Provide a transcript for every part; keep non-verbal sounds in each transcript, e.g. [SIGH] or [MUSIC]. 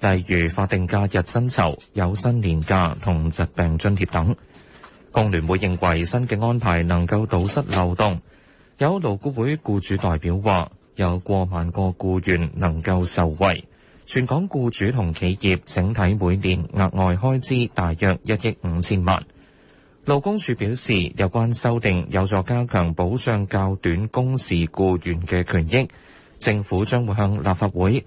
例如法定假日薪酬、有薪年假同疾病津貼等，工聯會認為新嘅安排能夠堵塞漏洞。有勞僱會僱主代表話，有過萬個僱員能夠受惠，全港僱主同企業整體每年額外開支大約一億五千萬。勞工處表示，有關修訂有助加強保障較短工時僱員嘅權益，政府將會向立法會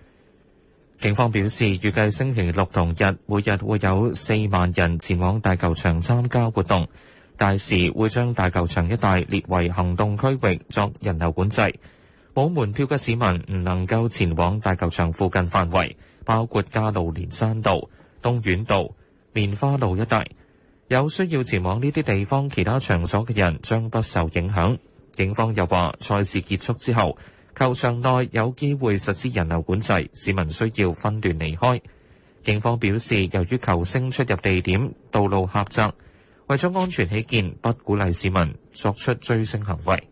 警方表示，預計星期六同日，每日會有四萬人前往大球場參加活動，屆時會將大球場一帶列為行動區域作人流管制。冇門票嘅市民唔能夠前往大球場附近範圍，包括加路連山道、東苑道、棉花路一帶。有需要前往呢啲地方其他場所嘅人將不受影響，警方又話賽事結束之後。球場內有機會實施人流管制，市民需要分段離開，警方表示，由於球星出入地點道路狹窄，為咗安全起見，不鼓勵市民作出追星行為。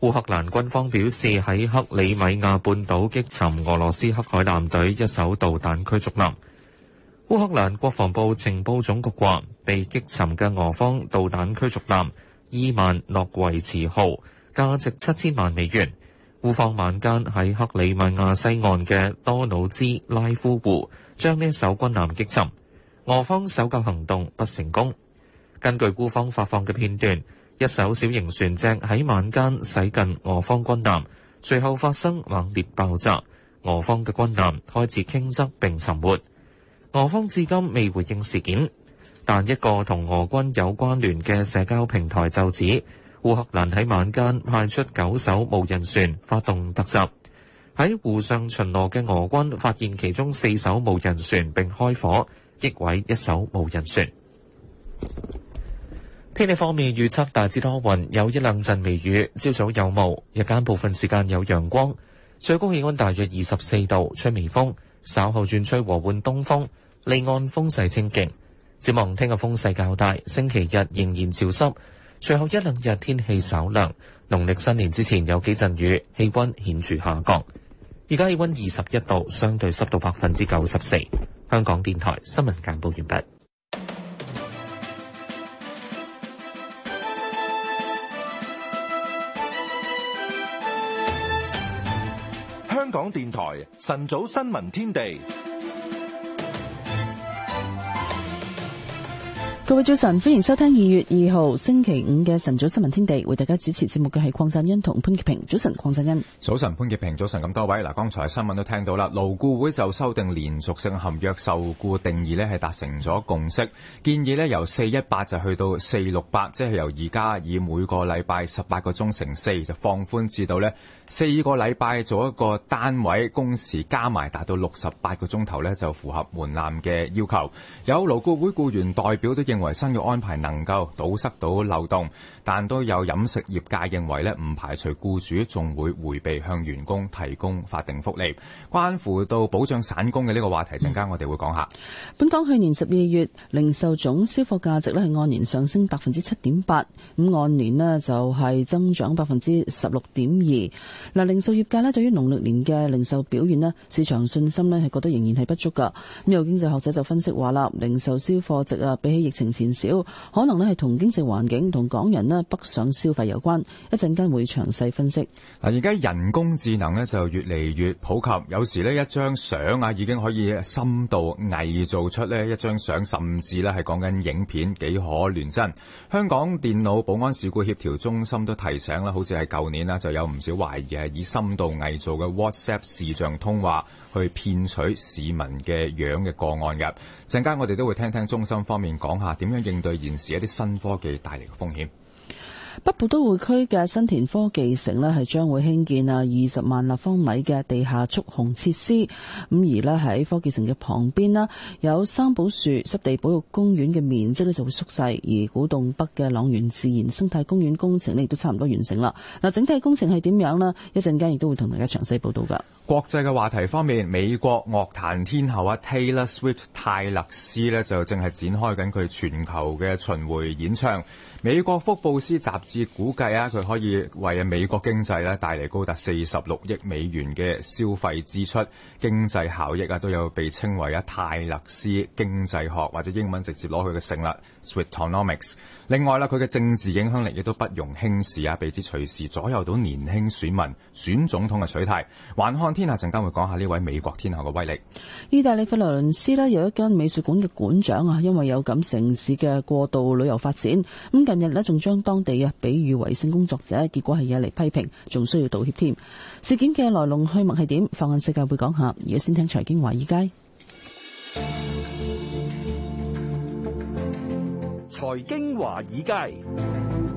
烏克蘭軍方表示，喺克里米亞半島擊沉俄羅斯黑海艦隊一艘導彈驅逐艦，烏克蘭國防部情報總局話，被擊沉嘅俄方導彈驅逐艦伊萬諾維茨號，價值七千萬美元。烏方晚間喺克里米亞西岸嘅多瑙茲拉夫湖將呢一艘軍艦擊沉，俄方搜救行動不成功。根據烏方發放嘅片段，一艘小型船隻喺晚間駛近俄方軍艦，隨後發生猛烈爆炸，俄方嘅軍艦開始傾側並沉沒。俄方至今未回應事件，但一個同俄軍有關聯嘅社交平台就指。烏克蘭喺晚間派出九艘無人船發動突襲，喺湖上巡邏嘅俄軍發現其中四艘無人船並開火，擊毀一艘無人船。天氣方面預測大致多雲，有一兩陣微雨，朝早有霧，日間部分時間有陽光，最高氣溫大約二十四度，吹微風，稍後轉吹和緩東風，離岸風勢清勁，展望聽日風勢較大，星期日仍然潮濕。最後一兩日天氣稍涼，農曆新年之前有幾陣雨，氣溫顯著下降。而家氣溫二十一度，相對濕度百分之九十四。香港電台新聞簡報完畢。香港電台晨早新聞天地。各位早晨，歡迎收聽二月二號星期五嘅晨早新聞天地，為大家主持節目嘅係鄺振恩同潘潔平。早晨，鄺振恩。早晨，潘潔平。早晨，咁多位嗱，剛才新聞都聽到啦，勞僱會就修訂連續性合約受僱定義咧，係達成咗共識，建議咧由四一八就去到四六八，即係由而家以每個禮拜十八個鐘乘四，就放寬至到咧四個禮拜做一個單位工時加埋達到六十八個鐘頭咧，就符合門檻嘅要求。有勞僱會僱員代表都認。認為新嘅安排能夠堵塞到漏洞。但都有飲食業界認為呢，唔排除僱主仲會迴避向員工提供法定福利。關乎到保障散工嘅呢個話題，陣間我哋會講下。嗯、本港去年十二月零售總銷貨價值呢，係按年上升百分之七點八，咁按年呢，就係增長百分之十六點二。嗱，零售業界呢對於農曆年嘅零售表現呢，市場信心呢係覺得仍然係不足㗎。咁有經濟學者就分析話啦，零售銷貨值啊，比起疫情前少，可能呢係同經濟環境同港人咧。北上消費有關，一陣間會詳細分析。嗱，而家人工智能咧就越嚟越普及，有時呢一張相啊已經可以深度偽造出呢一張相，甚至咧係講緊影片幾可亂真。香港電腦保安事故協調中心都提醒啦，好似係舊年啦就有唔少懷疑係以深度偽造嘅 WhatsApp 視像通話去騙取市民嘅樣嘅個案㗎。陣間我哋都會聽聽中心方面講下點樣應對現時一啲新科技帶嚟嘅風險。北部都會區嘅新田科技城呢係將會興建啊二十萬立方米嘅地下蓄洪設施。咁而咧喺科技城嘅旁邊咧，有三寶樹濕地保育公園嘅面積咧就會縮細。而古洞北嘅塱原自然生態公園工程呢，亦都差唔多完成啦。嗱，整體工程係點樣呢？一陣間亦都會同大家詳細報道㗎。國際嘅話題方面，美國樂壇天后啊，Taylor Swift 泰勒斯咧就正係展開緊佢全球嘅巡迴演唱。美國福布斯雜誌估計啊，佢可以為啊美國經濟咧帶嚟高達四十六億美元嘅消費支出經濟效益啊，都有被稱為啊泰勒斯經濟學，或者英文直接攞佢嘅姓啦，Swiftonomics。Sweet 另外啦，佢嘅政治影響力亦都不容輕視啊，被指隨時左右到年輕選民選總統嘅取態。還看天下陣間會講下呢位美國天后嘅威力。意大利佛羅倫斯咧，有一間美術館嘅館長啊，因為有感城市嘅過度旅遊發展，咁近日咧仲將當地嘅比喻為性工作者，結果係惹嚟批評，仲需要道歉添。事件嘅來龍去脈係點？放眼世界會講下，而家先聽財經華爾街。財經華爾街，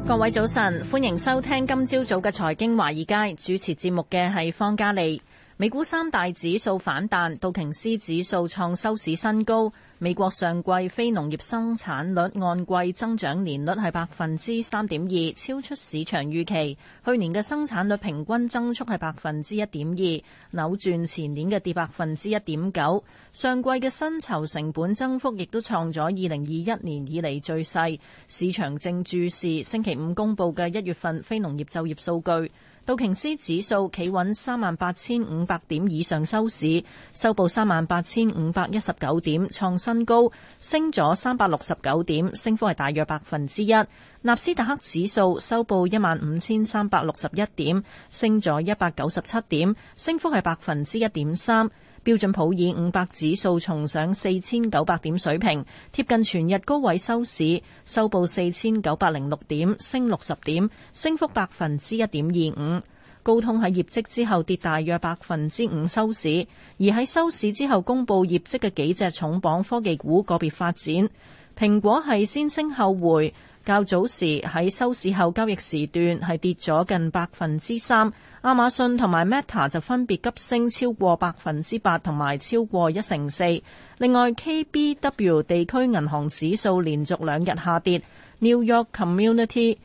各位早晨，歡迎收聽今朝早嘅財經華爾街。主持節目嘅係方嘉利。美股三大指數反彈，道瓊斯指數創收市新高。美國上季非農業生產率按季增長年率係百分之三點二，超出市場預期。去年嘅生產率平均增速係百分之一點二，扭轉前年嘅跌百分之一點九。上季嘅薪酬成本增幅亦都創咗二零二一年以嚟最細。市場正注視星期五公布嘅一月份非農業就業數據。道瓊斯指數企穩三萬八千五百點以上收市，收報三萬八千五百一十九點，創新高，升咗三百六十九點，升幅係大約百分之一。納斯達克指數收報一萬五千三百六十一點，升咗一百九十七點，升幅係百分之一點三。標準普爾五百指數重上四千九百點水平，貼近全日高位收市，收報四千九百零六點，升六十點，升幅百分之一點二五。高通喺業績之後跌大約百分之五收市，而喺收市之後公布業績嘅幾隻重磅科技股個別發展，蘋果係先升後回，較早時喺收市後交易時段係跌咗近百分之三。亞馬遜同埋 Meta 就分別急升超過百分之八同埋超過一成四。另外，KBW 地區銀行指數連續兩日下跌，New York Community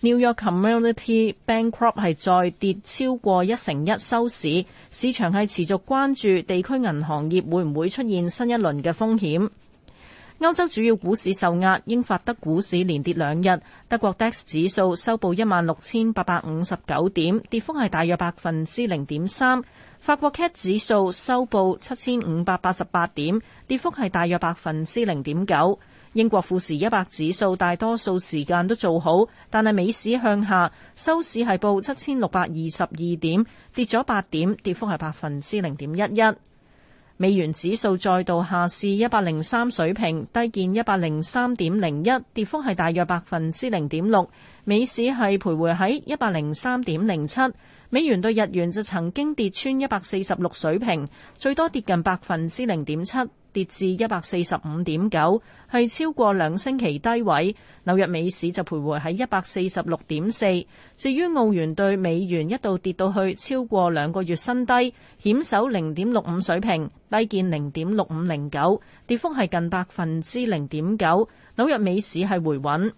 New York Community Bancorp 係再跌超過一成一收市。市場係持續關注地區銀行業會唔會出現新一輪嘅風險。歐洲主要股市受壓，英法德股市連跌兩日。德國 DAX 指數收報一萬六千八百五十九點，跌幅係大約百分之零點三。法國 CAC 指數收報七千五百八十八點，跌幅係大約百分之零點九。英國富時一百指數大多數時間都做好，但係美市向下，收市係報七千六百二十二點，跌咗八點，跌幅係百分之零點一一。美元指數再度下試一百零三水平，低見一百零三點零一，跌幅係大約百分之零點六。美市係徘徊喺一百零三點零七。美元對日元就曾經跌穿一百四十六水平，最多跌近百分之零點七。跌至一百四十五點九，係超過兩星期低位。紐約美市就徘徊喺一百四十六點四。至於澳元對美元一度跌到去超過兩個月新低，險守零點六五水平，低見零點六五零九，跌幅係近百分之零點九。紐約美市係回穩。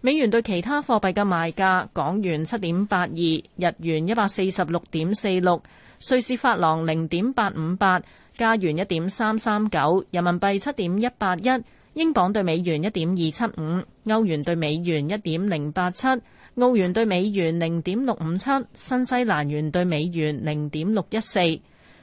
美元對其他貨幣嘅賣價，港元七點八二，日元一百四十六點四六，瑞士法郎零點八五八。加元一點三三九，9，人民幣七點一八一，英鎊對美元一點二七五，歐元對美元一點零八七，澳元對美元零點六五七，新西蘭元對美元零點六一四。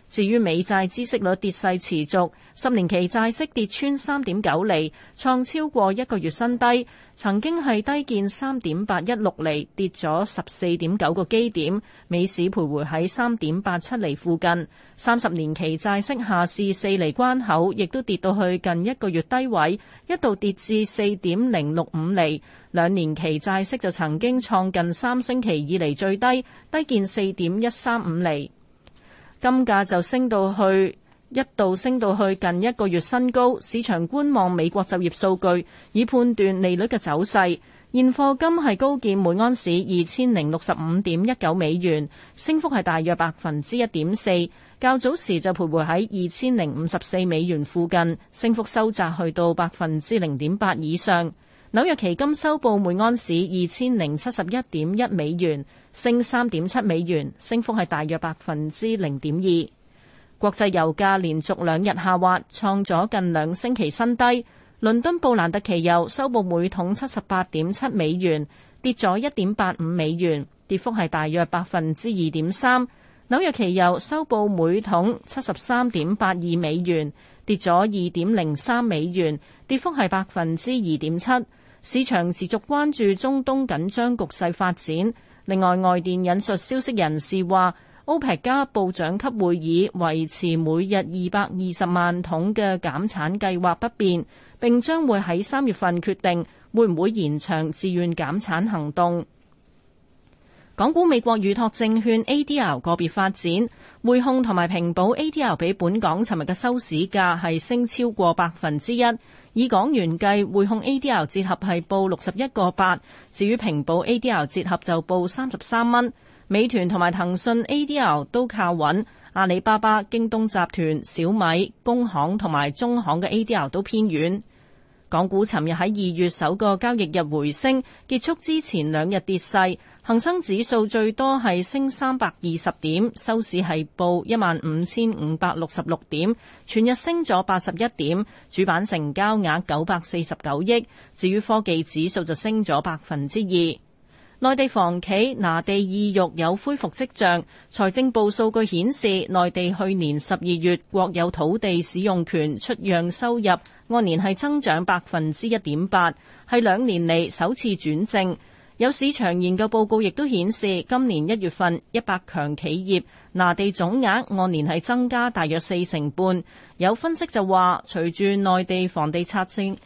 至於美債孳息率跌勢持續，十年期債息跌穿三點九厘，創超過一個月新低。曾經係低見三點八一六厘，跌咗十四點九個基點。美市徘徊喺三點八七厘附近。三十年期債息下試四厘關口，亦都跌到去近一個月低位，一度跌至四點零六五厘。兩年期債息就曾經創近三星期以嚟最低，低見四點一三五厘。金價就升到去，一度升到去近一個月新高，市場觀望美國就業數據，以判斷利率嘅走勢。現貨金係高見每安士二千零六十五點一九美元，升幅係大約百分之一點四。較早時就徘徊喺二千零五十四美元附近，升幅收窄去到百分之零點八以上。紐約期金收報每安士二千零七十一點一美元，升三點七美元，升幅係大約百分之零點二。國際油價連續兩日下滑，創咗近兩星期新低。倫敦布蘭特期油收報每桶七十八點七美元，跌咗一點八五美元，跌幅係大約百分之二點三。紐約期油收報每桶七十三點八二美元，跌咗二點零三美元，跌幅係百分之二點七。市場持續關注中東緊張局勢發展。另外，外電引述消息人士話，歐佩克加部長級會議維持每日二百二十萬桶嘅減產計劃不變，並將會喺三月份決定會唔會延長自願減產行動。港股美國預託證券 A D R 個別發展，匯控同埋平保 A D R 比本港尋日嘅收市價係升超過百分之一。以港元計，匯控 A D L 折合係報六十一個八，至於平報 A D L 折合就報三十三蚊。美團同埋騰訊 A D L 都靠穩，阿里巴巴、京東集團、小米、工行同埋中行嘅 A D L 都偏軟。港股尋日喺二月首個交易日回升，結束之前兩日跌勢。恒生指數最多係升三百二十點，收市係報一萬五千五百六十六點，全日升咗八十一點。主板成交額九百四十九億。至於科技指數就升咗百分之二。內地房企拿地意欲有恢復跡象。財政部數據顯示，內地去年十二月國有土地使用權出讓收入按年係增長百分之一點八，係兩年嚟首次轉正。有市場研究報告亦都顯示，今年一月份一百強企業拿地總額按年係增加大約四成半。有分析就話，隨住內地房地產政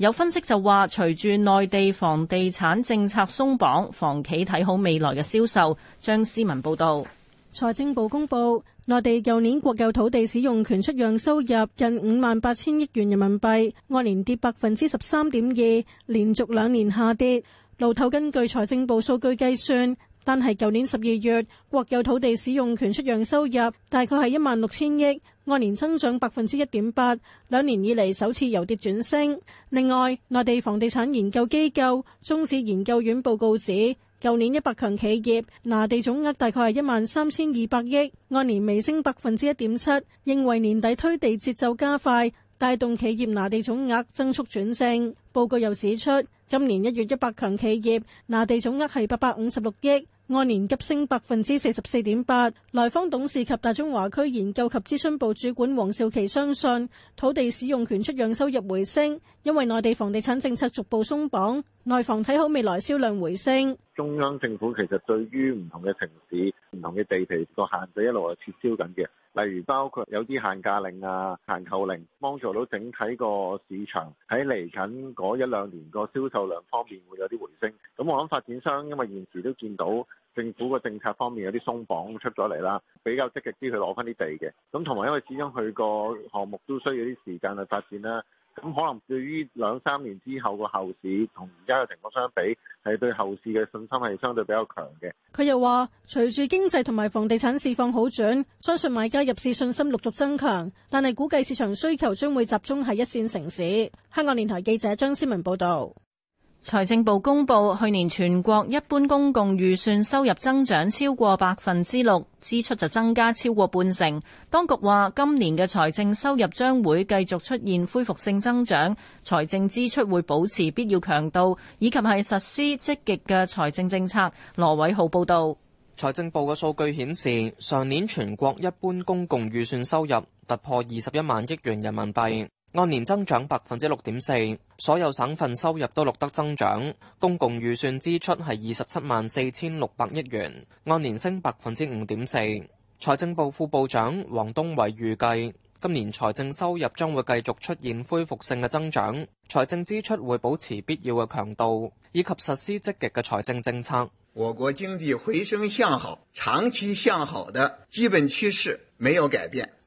有分析就話，隨住內地房地產政策鬆綁，房企睇好未來嘅銷售。張思文報導，財政部公布內地舊年國有土地使用權出讓收入近五萬八千億元人民幣，按年跌百分之十三點二，連續兩年下跌。路透根據財政部數據計算。但係，舊年十二月，國有土地使用權出讓收入大概係一萬六千億，按年增長百分之一點八，兩年以嚟首次由跌轉升。另外，內地房地產研究機構中指研究院報告指，舊年一百強企業拿地總額大概係一萬三千二百億，按年微升百分之一點七，認為年底推地節奏加快，帶動企業拿地總額增速轉正。報告又指出。今年一月，一百強企業拿地總額係八百五十六億，按年急升百分之四十四點八。萊坊董事及大中華區研究及諮詢部主管王兆琪相信土地使用權出讓收入回升，因為內地房地產政策逐步鬆綁，內房睇好未來銷量回升。中央政府其實對於唔同嘅城市、唔同嘅地皮個限制一路係撤銷緊嘅。例如包括有啲限價令啊、限購令，幫助到整體個市場喺嚟緊嗰一兩年個銷售量方面會有啲回升。咁我諗發展商因為現時都見到政府個政策方面有啲鬆綁出咗嚟啦，比較積極啲去攞返啲地嘅。咁同埋因為始終佢個項目都需要啲時間去發展啦。咁可能對於兩三年之後個後市，同而家嘅情況相比，係對後市嘅信心係相對比較強嘅。佢又話：隨住經濟同埋房地產市況好轉，相信買家入市信心陸續增強，但係估計市場需求將會集中喺一線城市。香港電台記者張思文報道。財政部公布去年全國一般公共預算收入增長超過百分之六，支出就增加超過半成。當局話今年嘅財政收入將會繼續出現恢復性增長，財政支出會保持必要強度，以及係實施積極嘅財政政策。羅偉浩報道，財政部嘅數據顯示，上年全國一般公共預算收入突破二十一萬億元人民幣。按年增長百分之六點四，所有省份收入都錄得增長。公共預算支出係二十七萬四千六百億元，按年升百分之五點四。財政部副部長王東偉預計，今年財政收入將會繼續出現恢復性嘅增長，財政支出會保持必要嘅強度，以及實施積極嘅財政政策。我國經濟回升向好，長期向好的基本趨勢沒有改變。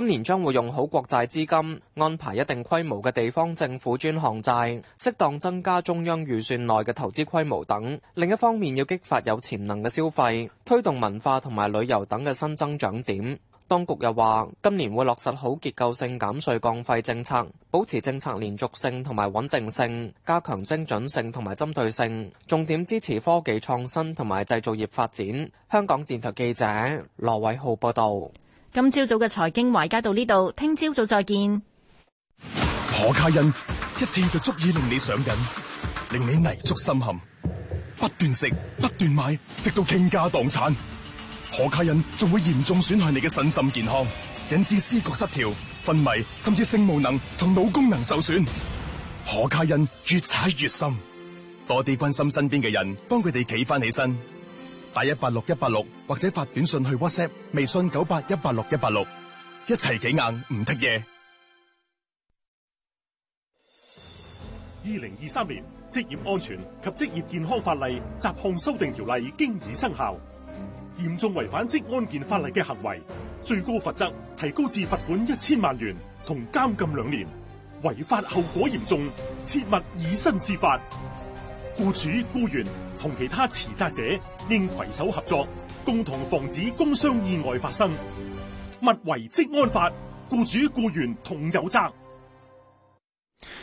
今年將會用好國債資金，安排一定規模嘅地方政府專項債，適當增加中央預算內嘅投資規模等。另一方面，要激發有潛能嘅消費，推動文化同埋旅遊等嘅新增長點。當局又話，今年會落實好結構性減稅降費政策，保持政策連續性同埋穩定性，加強精準性同埋針對性，重點支持科技創新同埋製造業發展。香港電台記者羅偉浩報道。今朝早嘅財經街，維佳到呢度，聽朝早再見。可卡因一次就足以令你上癮，令你泥足深陷，不斷食，不斷買，食到傾家蕩產。可卡因仲會嚴重損害你嘅身心健康，引致思覺失調、昏迷，甚至性無能同腦功能受損。可卡因越踩越深，多啲關心身邊嘅人，幫佢哋企翻起身。打一八六一八六或者發短信去 WhatsApp，微信九八一八六一八六，一齊幾硬唔得嘢。二零二三年職業安全及職業健康法例雜項修訂條例經已生效，嚴重違反職安健法例嘅行為，最高罰則提高至罰款一千萬元同監禁兩年，違法後果嚴重，切勿以身試法。雇主雇員。同其他持責者應攜手合作，共同防止工傷意外發生。勿為職安法，雇主雇員同有責。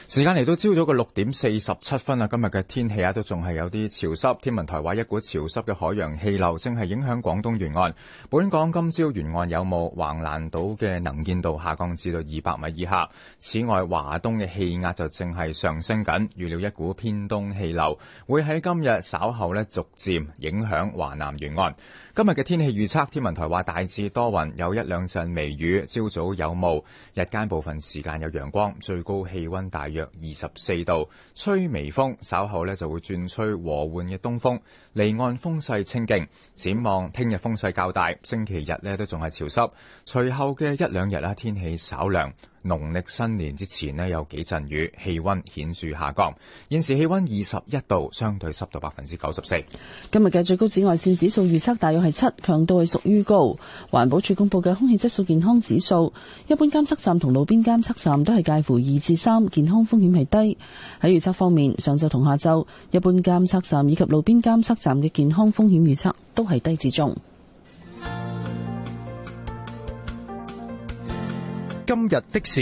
時間嚟到朝早嘅六點四十七分啦，今日嘅天氣啊，都仲係有啲潮濕。天文台話一股潮濕嘅海洋氣流正係影響廣東沿岸。本港今朝沿岸有霧，橫瀾島嘅能見度下降至到二百米以下。此外，華東嘅氣壓就正係上升緊，預料一股偏東氣流會喺今日稍後呢，逐漸影響華南沿岸。今日嘅天氣預測，天文台話大致多雲，有一兩陣微雨，朝早有霧，日間部分時間有陽光，最高氣溫。大約二十四度，吹微風，稍後咧，就會轉吹和緩嘅東風，離岸風勢清勁。展望聽日風勢較大，星期日咧，都仲係潮濕，隨後嘅一兩日啦，天氣稍涼。農曆新年之前咧有幾陣雨，氣溫顯著下降。現時氣溫二十一度，相對濕度百分之九十四。今日嘅最高紫外線指數預測大約係七，強度係屬於高。環保署公布嘅空氣質素健康指數，一般監測站同路邊監測站都係介乎二至三，健康風險係低。喺預測方面，上晝同下晝，一般監測站以及路邊監測站嘅健康風險預測都係低至中。今日的事，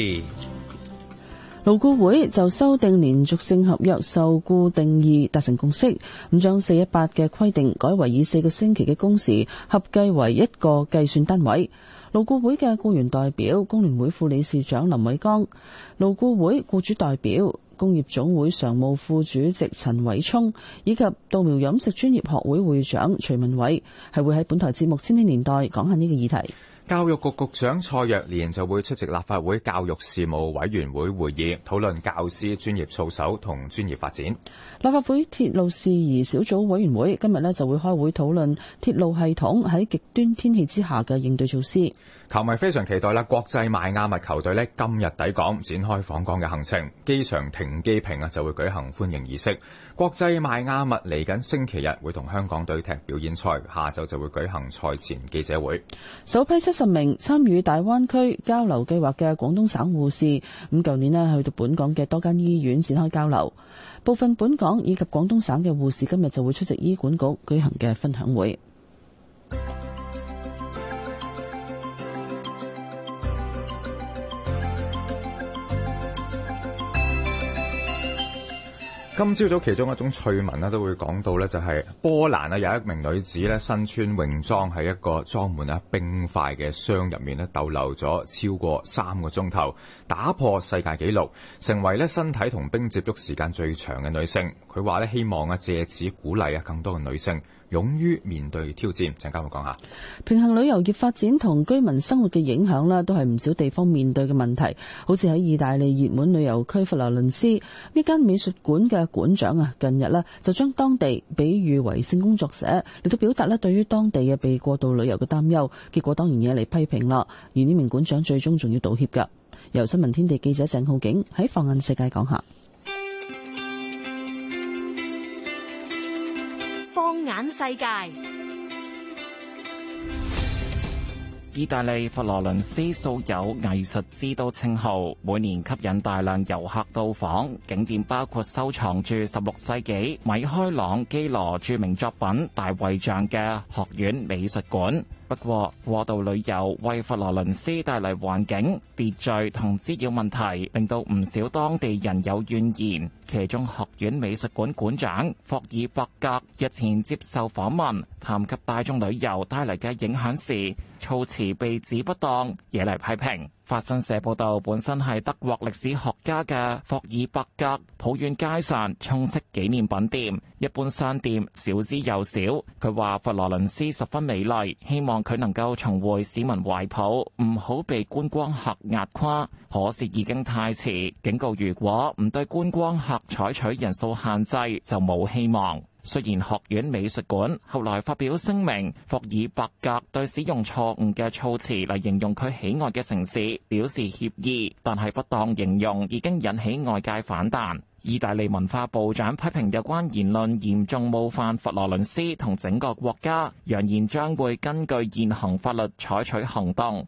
勞顧會就修訂連續性合約受僱定義達成共識，咁將四一八嘅規定改為以四個星期嘅工時合計為一個計算單位。勞顧會嘅僱員代表工聯會副理事長林偉剛，勞顧會僱主代表工業總會常務副主席陳偉聰，以及稻苗飲食專業學會會，會長徐文偉，係會喺本台節目《千禧年，年代》講下呢個議題。教育局局長蔡若蓮就會出席立法會教育事務委員會會議，討論教師專業操守同專業發展。立法會鐵路事宜小組委員會今日咧就會開會，討論鐵路系統喺極端天氣之下嘅應對措施。球迷非常期待啦！國際邁阿密球隊呢今日抵港，展開訪港嘅行程。機場停機坪啊，就會舉行歡迎儀式。國際邁阿密嚟緊星期日會同香港隊踢表演賽。下晝就會舉行賽前記者會。首批七十名參與大灣區交流計劃嘅廣東省護士，咁舊年呢去到本港嘅多間醫院展開交流。部分本港以及廣東省嘅護士今日就會出席醫管局舉行嘅分享會。今朝早其中一種趣聞咧，都會講到咧，就係波蘭啊，有一名女子咧，身穿泳裝喺一個裝滿啊冰塊嘅箱入面咧逗留咗超過三個鐘頭，打破世界紀錄，成為咧身體同冰接觸時間最長嘅女性。佢話咧，希望啊藉此鼓勵啊更多嘅女性。勇於面對挑戰，鄭家我講下平衡旅遊業發展同居民生活嘅影響呢，都係唔少地方面對嘅問題。好似喺意大利熱門旅遊區佛羅倫斯，呢間美術館嘅館長啊，近日呢就將當地比喻為性工作者，嚟到表達呢對於當地嘅被過度旅遊嘅擔憂，結果當然惹嚟批評啦。而呢名館長最終仲要道歉噶。由新聞天地記者鄭浩景喺放眼世界講下。眼世界。意大利佛羅倫斯素有藝術之都稱號，每年吸引大量遊客到訪。景點包括收藏住十六世紀米開朗基羅著名作品《大衛像》嘅學院美術館。不過，過度旅遊為佛羅倫斯帶嚟環境、秩序同滋擾問題，令到唔少當地人有怨言。其中學院美術館館長霍爾伯格日前接受訪問，談及大眾旅遊帶嚟嘅影響時，措辭被指不當，惹嚟批評。法新社報道，本身係德國歷史學家嘅霍爾伯格抱怨街上充斥紀念品店，一般商店少之又少。佢話佛羅倫斯十分美麗，希望佢能夠重回市民懷抱，唔好被觀光客壓垮。可惜已經太遲，警告如果唔對觀光客採取人數限制，就冇希望。雖然學院美術館後來發表聲明，霍爾伯格對使用錯誤嘅措辭嚟形容佢喜愛嘅城市表示歉意，但係不當形容已經引起外界反彈。意大利文化部長批評有關言論嚴重冒犯佛羅倫斯同整個國家，揚言將會根據現行法律採取行動。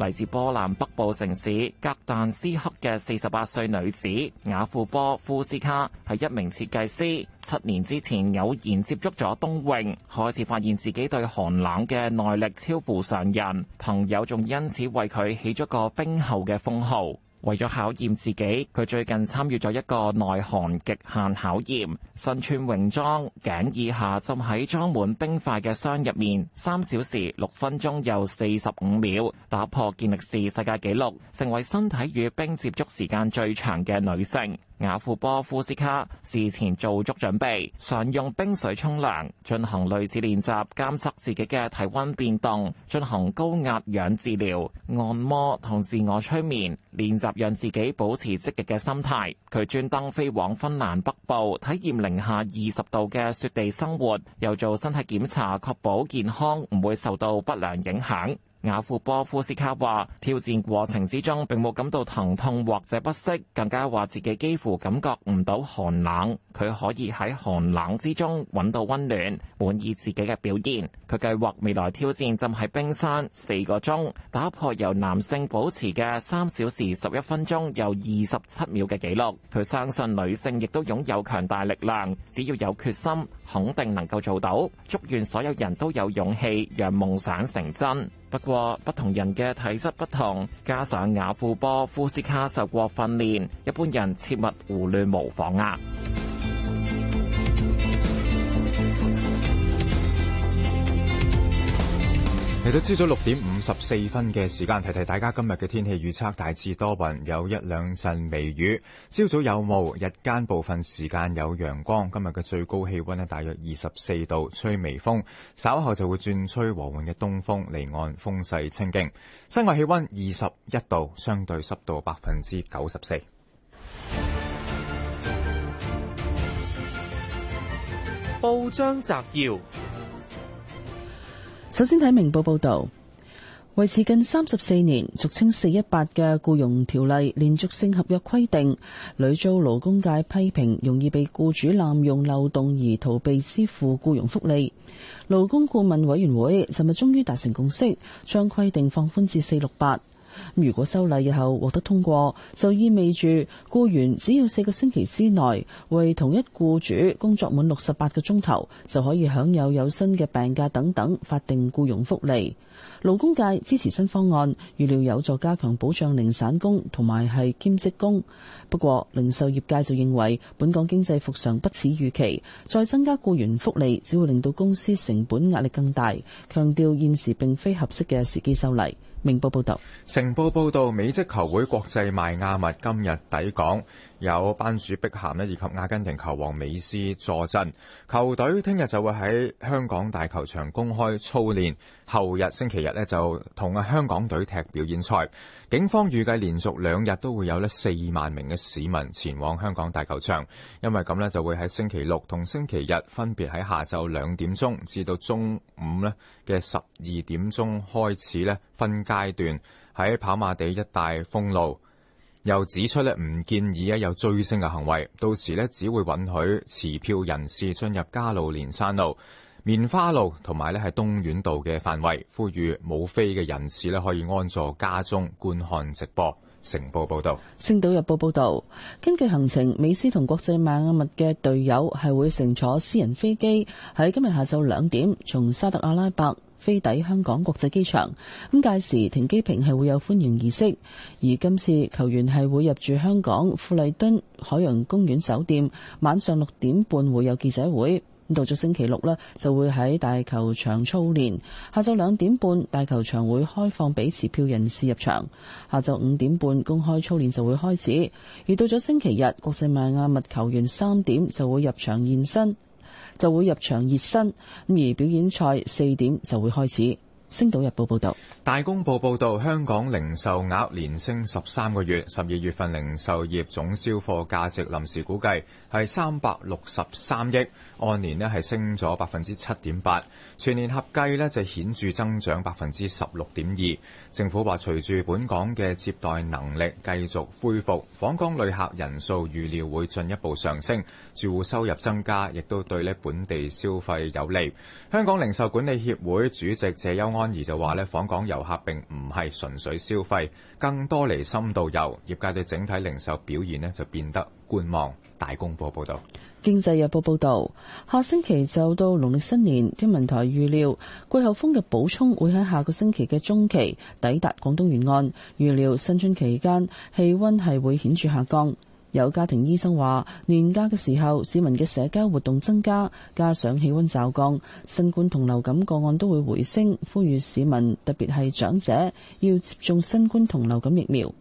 嚟自波蘭北部城市格但斯克嘅四十八歲女子雅庫波夫斯卡係一名設計師，七年之前偶然接觸咗冬泳，開始發現自己對寒冷嘅耐力超乎常人，朋友仲因此為佢起咗個冰後嘅封號。為咗考驗自己，佢最近參與咗一個耐寒極限考驗，身穿泳裝，頸以下浸喺裝滿冰塊嘅箱入面，三小時六分鐘又四十五秒，打破健力士世界紀錄，成為身體與冰接觸時間最長嘅女性。雅富波夫斯卡事前做足準備，常用冰水沖涼，進行類似練習，監測自己嘅體溫變動，進行高壓氧治療、按摩同自我催眠練習，讓自己保持積極嘅心態。佢專登飛往芬蘭北部體驗零下二十度嘅雪地生活，又做身體檢查，確保健康唔會受到不良影響。雅庫波夫斯卡話：挑戰過程之中，並冇感到疼痛或者不適，更加話自己幾乎感覺唔到寒冷。佢可以喺寒冷之中揾到溫暖，滿意自己嘅表現。佢計劃未來挑戰浸喺冰山四個鐘，打破由男性保持嘅三小時十一分鐘又二十七秒嘅紀錄。佢相信女性亦都擁有強大力量，只要有決心，肯定能夠做到，祝願所有人都有勇氣讓夢想成真。不過，不同人嘅體質不同，加上雅庫波夫斯卡受過訓練，一般人切勿胡亂模仿啊！嚟到朝早六點五十四分嘅時間，提提大家今日嘅天氣預測大致多雲，有一兩陣微雨。朝早有霧，日間部分時間有陽光。今日嘅最高氣溫呢，大約二十四度，吹微風，稍後就會轉吹和緩嘅東風，離岸風勢清勁。室外氣溫二十一度，相對濕度百分之九十四。報章摘要。首先睇明報報道，維持近三十四年，俗稱四一八嘅雇傭條例連續性合約規定，屢遭勞工界批評，容易被雇主濫用漏洞而逃避支付雇傭福利。勞工顧問委員會尋日終於達成共識，將規定放寬至四六八。如果修例以後獲得通過，就意味住僱員只要四個星期之內為同一僱主工作滿六十八個鐘頭，就可以享有有薪嘅病假等等法定僱傭福利。勞工界支持新方案，預料有助加強保障零散工同埋係兼職工。不過，零售業界就認為本港經濟復常不似預期，再增加僱員福利只會令到公司成本壓力更大，強調現時並非合適嘅時機修例。明報報道，成報報道，美職球會國際邁亞密今日抵港。有班主碧咸呢，以及阿根廷球王美斯助陣，球隊聽日就會喺香港大球場公開操練，後日星期日呢就同阿香港隊踢表演賽。警方預計連續兩日都會有呢四萬名嘅市民前往香港大球場，因為咁呢就會喺星期六同星期日分別喺下晝兩點鐘至到中午呢嘅十二點鐘開始呢分階段喺跑馬地一帶封路。又指出咧，唔建議咧有追星嘅行為，到時咧只會允許持票人士進入加路連山路、棉花路同埋咧係東院道嘅範圍，呼籲冇飛嘅人士咧可以安坐家中觀看直播。成報報導，《星島日報》報道：根據行程，美斯同國際馬亞密嘅隊友係會乘坐私人飛機喺今日下晝兩點從沙特阿拉伯，飛抵香港國際機場，咁屆時停機坪係會有歡迎儀式，而今次球員係會入住香港富麗敦海洋公園酒店，晚上六點半會有記者會，到咗星期六呢，就會喺大球場操練，下晝兩點半大球場會開放俾持票人士入場，下晝五點半公開操練就會開始，而到咗星期日，國際邁阿密球員三點就會入場現身。就會入場熱身，而表演賽四點就會開始。星島日報報道，大公報報道，香港零售額連升十三個月，十二月份零售業總銷貨價值臨時估計係三百六十三億。按年呢，係升咗百分之七點八，全年合計呢，就顯著增長百分之十六點二。政府話隨住本港嘅接待能力繼續恢復，訪港旅客人數預料會進一步上升。住戶收入增加，亦都對咧本地消費有利。香港零售管理協會主席謝邱安儀就話呢，訪港遊客並唔係純粹消費，更多嚟深度遊。業界對整體零售表現呢，就變得觀望。大公報報道。經濟日報報道，下星期就到農曆新年，天文台預料季候風嘅補充會喺下個星期嘅中期抵達廣東沿岸，預料新春期間氣溫係會顯著下降。有家庭醫生話，年假嘅時候市民嘅社交活動增加，加上氣溫驟降，新冠同流感個案都會回升，呼籲市民特別係長者要接種新冠同流感疫苗。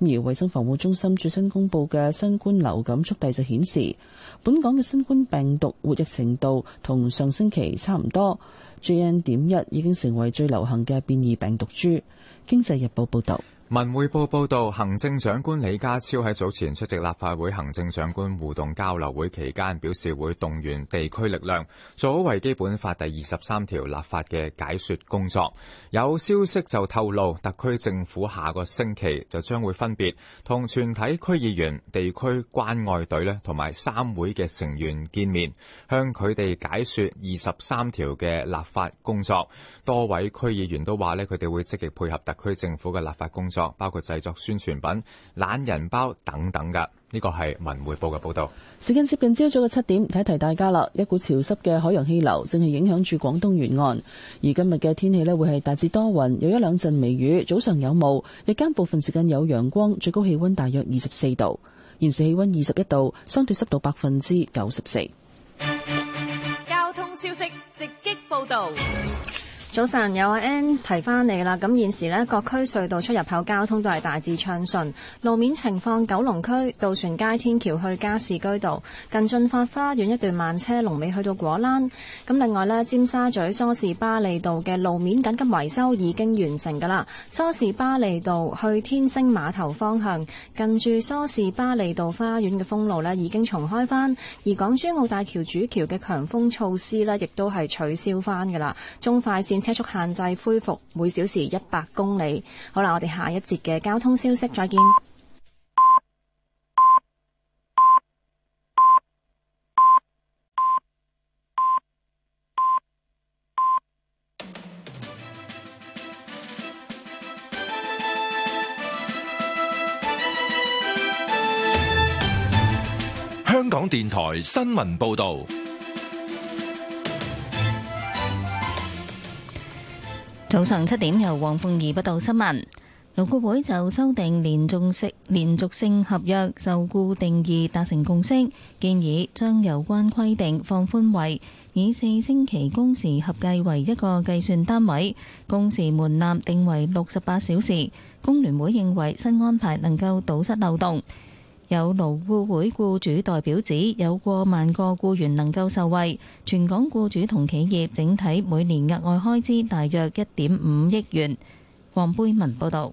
而衛生防護中心最新公布嘅新冠流感速遞就顯示，本港嘅新冠病毒活躍程度同上星期差唔多。JN. 點一已經成為最流行嘅變異病毒株。經濟日報報道。文匯報報道，行政長官李家超喺早前出席立法會行政長官互動交流會期間，表示會動員地區力量，做好《基本法》第二十三條立法嘅解說工作。有消息就透露，特區政府下個星期就將會分別同全體區議員、地區關愛隊咧，同埋三會嘅成員見面，向佢哋解說二十三條嘅立法工作。多位區議員都話咧，佢哋會積極配合特區政府嘅立法工作。包括製作宣傳品、懶人包等等噶呢個係文匯報嘅報道。時間接近朝早嘅七點，提提大家啦。一股潮濕嘅海洋氣流正係影響住廣東沿岸，而今日嘅天氣呢會係大致多雲，有一兩陣微雨，早上有霧，日間部分時間有陽光，最高氣溫大約二十四度，現時氣溫二十一度，相對濕度百分之九十四。交通消息直擊報道。早晨，有阿、啊、Ann 提翻你啦。咁現時呢，各區隧道出入口交通都係大致暢順。路面情況，九龍區渡船街天橋去加士居道近進發花園一段慢車，龍尾去到果欄。咁另外呢，尖沙咀梳士巴利道嘅路面緊急維修已經完成㗎啦。梳士巴利道去天星碼頭方向，近住梳士巴利道花園嘅封路呢已經重開翻。而港珠澳大橋主橋嘅強風措施呢，亦都係取消翻㗎啦。中快線車速限制恢復每小時一百公里。好啦，我哋下一節嘅交通消息再見。香港電台新聞報道。早上七點，由黃鳳儀報道新聞。勞顧會就修訂連續性連續性合約受雇定義達成共識，建議將有關規定放寬為以四星期工時合計為一個計算單位，工時門檻定為六十八小時。工聯會認為新安排能夠堵塞漏洞。有勞顧會僱主代表指，有過萬個僱員能夠受惠，全港僱主同企業整體每年額外開支大約一點五億元。黃貝文報導。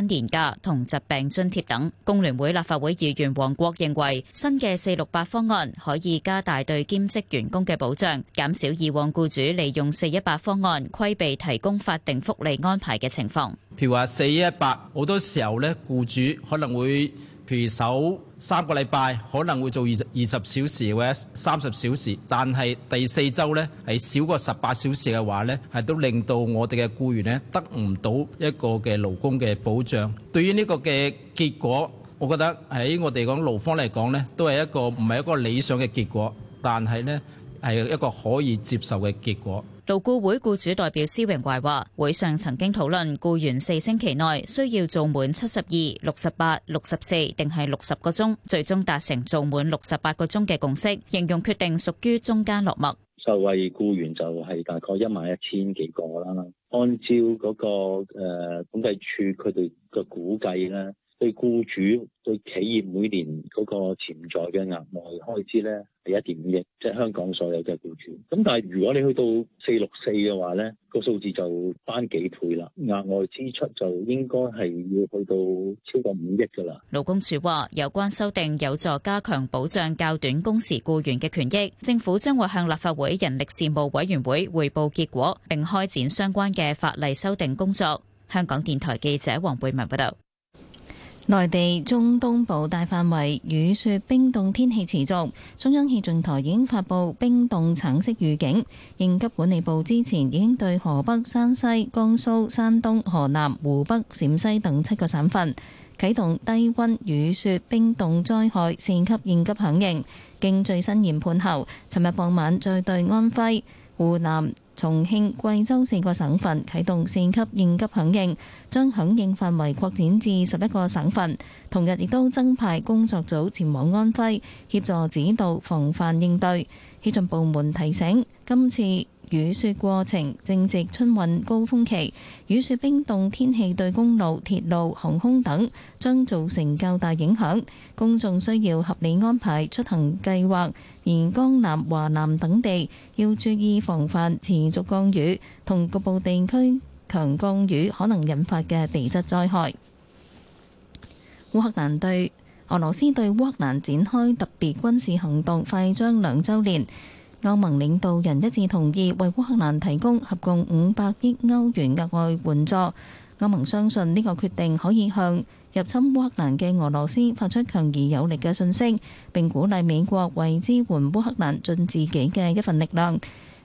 年假同疾病津貼等，工聯會立法會議員王國認為，新嘅四六八方案可以加大對兼職員工嘅保障，減少以往僱主利用四一八方案規避提供法定福利安排嘅情況。譬如話四一八，好多時候呢，僱主可能會。譬如首三個禮拜可能會做二十二十小時或者三十小時，但係第四週呢係少過十八小時嘅話，呢係都令到我哋嘅僱員呢得唔到一個嘅勞工嘅保障。對於呢個嘅結果，我覺得喺我哋講勞方嚟講，呢都係一個唔係一個理想嘅結果，但係呢係一個可以接受嘅結果。勞僱會僱主代表施榮懷話：會上曾經討論僱員四星期內需要做滿七十二、六十八、六十四定係六十個鐘，最終達成做滿六十八個鐘嘅共識。形容決定屬於中間落墨。受惠僱員就係大概一萬一千幾個啦。按照嗰個誒統計處佢哋嘅估計呢。對僱主對企業每年嗰個潛在嘅額外開支呢，係一點五億，即係香港所有嘅雇主咁。但係如果你去到四六四嘅話，呢個數字就翻幾倍啦，額外支出就應該係要去到超過五億噶啦。勞工處話，有關修訂有助加強保障較短工時僱員嘅權益，政府將會向立法會人力事務委員會匯報結果，並開展相關嘅法例修訂工作。香港電台記者黃貝文報道。內地中東部大範圍雨雪冰凍天氣持續，中央氣象台已經發佈冰凍橙色預警。應急管理部之前已經對河北、山西、江蘇、山東、河南、湖北、陝西等七個省份啟動低温雨雪冰凍災害四級應急響應，經最新研判後，尋日傍晚再對安徽、湖南、重慶、貴州四個省份啟動四級應急響應，將響應範圍擴展至十一個省份。同日亦都增派工作組前往安徽，協助指導防範應對。氣象部門提醒，今次雨雪過程正值春運高峰期，雨雪冰凍天氣對公路、鐵路、航空等將造成較大影響，公眾需要合理安排出行計劃。而江南、華南等地要注意防範持續降雨同局部地區強降雨可能引發嘅地質災害。烏克蘭對俄羅斯對烏克蘭展開特別軍事行動快將兩週年，歐盟領導人一致同意為烏克蘭提供合共五百億歐元額外援助。歐盟相信呢個決定可以向入侵烏克蘭嘅俄羅斯發出強而有力嘅訊息，並鼓勵美國為支援烏克蘭盡自己嘅一份力量。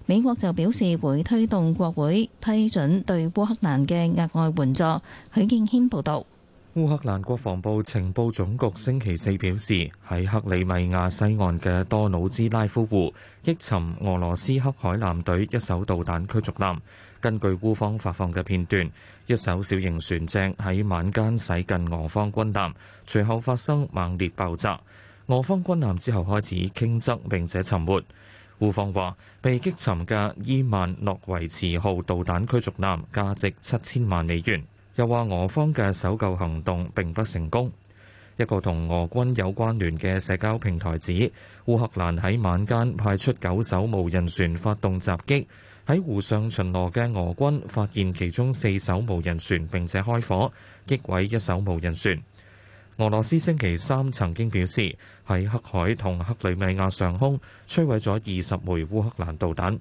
美國就表示會推動國會批准對烏克蘭嘅額外援助。許建謙報道。烏克蘭國防部情報總局星期四表示，喺克里米亞西岸嘅多努茲拉夫湖，擊沉俄羅斯黑海艦隊一艘導彈驅逐艦。根據烏方發放嘅片段，一艘小型船隻喺晚間駛近俄方軍艦，隨後發生猛烈爆炸。俄方軍艦之後開始傾側並且沉沒。烏方話被擊沉嘅伊萬諾維茨號導彈驅逐艦價值七千萬美元，又話俄方嘅搜救行動並不成功。一個同俄軍有關聯嘅社交平台指，烏克蘭喺晚間派出九艘無人船發動襲擊。喺湖上巡邏嘅俄軍發現其中四艘無人船，並且開火，擊毀一艘無人船。俄羅斯星期三曾經表示，喺黑海同克里米亞上空摧毀咗二十枚烏克蘭導彈。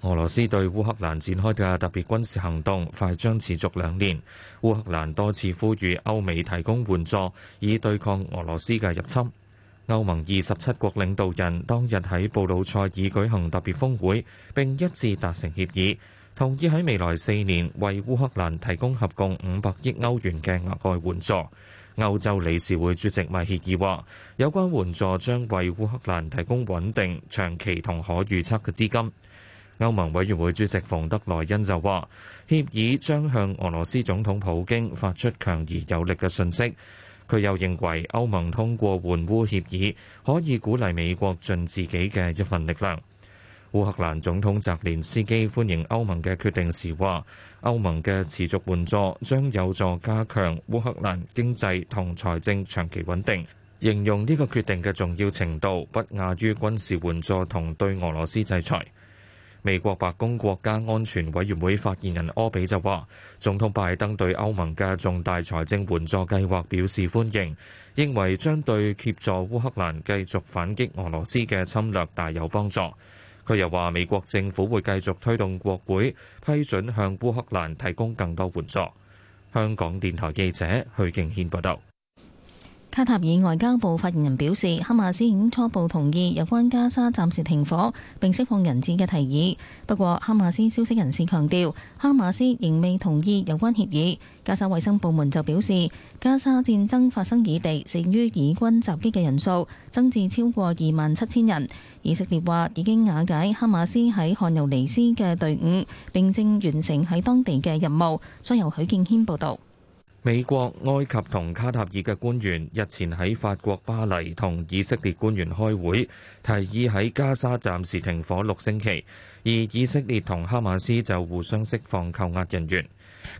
俄羅斯對烏克蘭展開嘅特別軍事行動快將持續兩年。烏克蘭多次呼籲歐美提供援助，以對抗俄羅斯嘅入侵。歐盟二十七國領導人當日喺布魯塞爾舉行特別峰會，並一致達成協議，同意喺未來四年為烏克蘭提供合共五百億歐元嘅額外援助。歐洲理事會主席米歇爾話：有關援助將為烏克蘭提供穩定、長期同可預測嘅資金。歐盟委員會主席馮德萊恩就話：協議將向俄羅斯總統普京發出強而有力嘅訊息。佢又認為歐盟通過緩烏協議，可以鼓勵美國盡自己嘅一份力量。烏克蘭總統澤連斯基歡迎歐盟嘅決定時話，歐盟嘅持續援助將有助加強烏克蘭經濟同財政長期穩定，形容呢個決定嘅重要程度不亞於軍事援助同對俄羅斯制裁。美國白宮國家安全委員會發言人柯比就話，總統拜登對歐盟嘅重大財政援助計劃表示歡迎，認為將對協助烏克蘭繼續反擊俄羅斯嘅侵略大有幫助。佢又話，美國政府會繼續推動國會批准向烏克蘭提供更多援助。香港電台記者許敬軒報道。卡塔爾外交部發言人表示，哈馬斯已經初步同意有關加沙暫時停火並釋放人質嘅提議。不過，哈馬斯消息人士強調，哈馬斯仍未同意有關協議。加沙衛生部門就表示，加沙戰爭發生以地，死於以軍襲擊嘅人數增至超過二萬七千人。以色列話已經瓦解哈馬斯喺汗尤尼斯嘅隊伍，並正完成喺當地嘅任務。將由許建謙報導。美國、埃及同卡塔爾嘅官員日前喺法國巴黎同以色列官員開會，提議喺加沙暫時停火六星期，而以色列同哈馬斯就互相釋放扣押人員。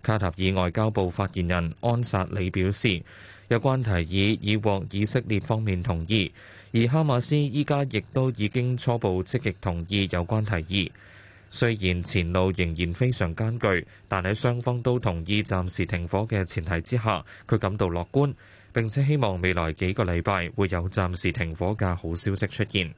卡塔爾外交部發言人安薩里表示，有關提議已獲以色列方面同意，而哈馬斯依家亦都已經初步積極同意有關提議。雖然前路仍然非常艱巨，但喺雙方都同意暫時停火嘅前提之下，佢感到樂觀，並且希望未來幾個禮拜會有暫時停火嘅好消息出現。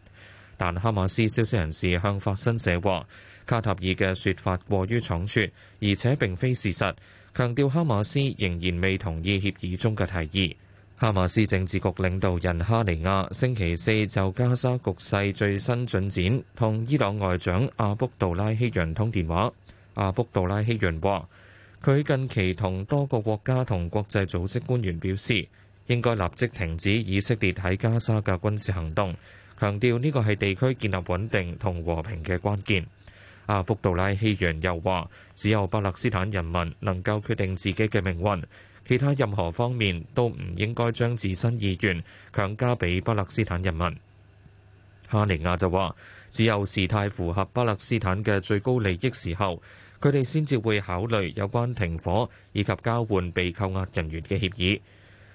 但哈馬斯消息人士向法新社話，卡塔爾嘅說法過於倉促，而且並非事實，強調哈馬斯仍然未同意協議中嘅提議。哈馬斯政治局領導人哈尼亞星期四就加沙局勢最新進展同伊朗外長阿卜杜拉希揚通電話。阿卜杜拉希揚話：佢近期同多個國家同國際組織官員表示，應該立即停止以色列喺加沙嘅軍事行動，強調呢個係地區建立穩定同和，和平嘅關鍵。阿卜杜拉希揚又話：只有巴勒斯坦人民能夠決定自己嘅命運。其他任何方面都唔應該將自身意願強加俾巴勒斯坦人民。哈尼亞就話：只有事態符合巴勒斯坦嘅最高利益時候，佢哋先至會考慮有關停火以及交換被扣押人員嘅協議。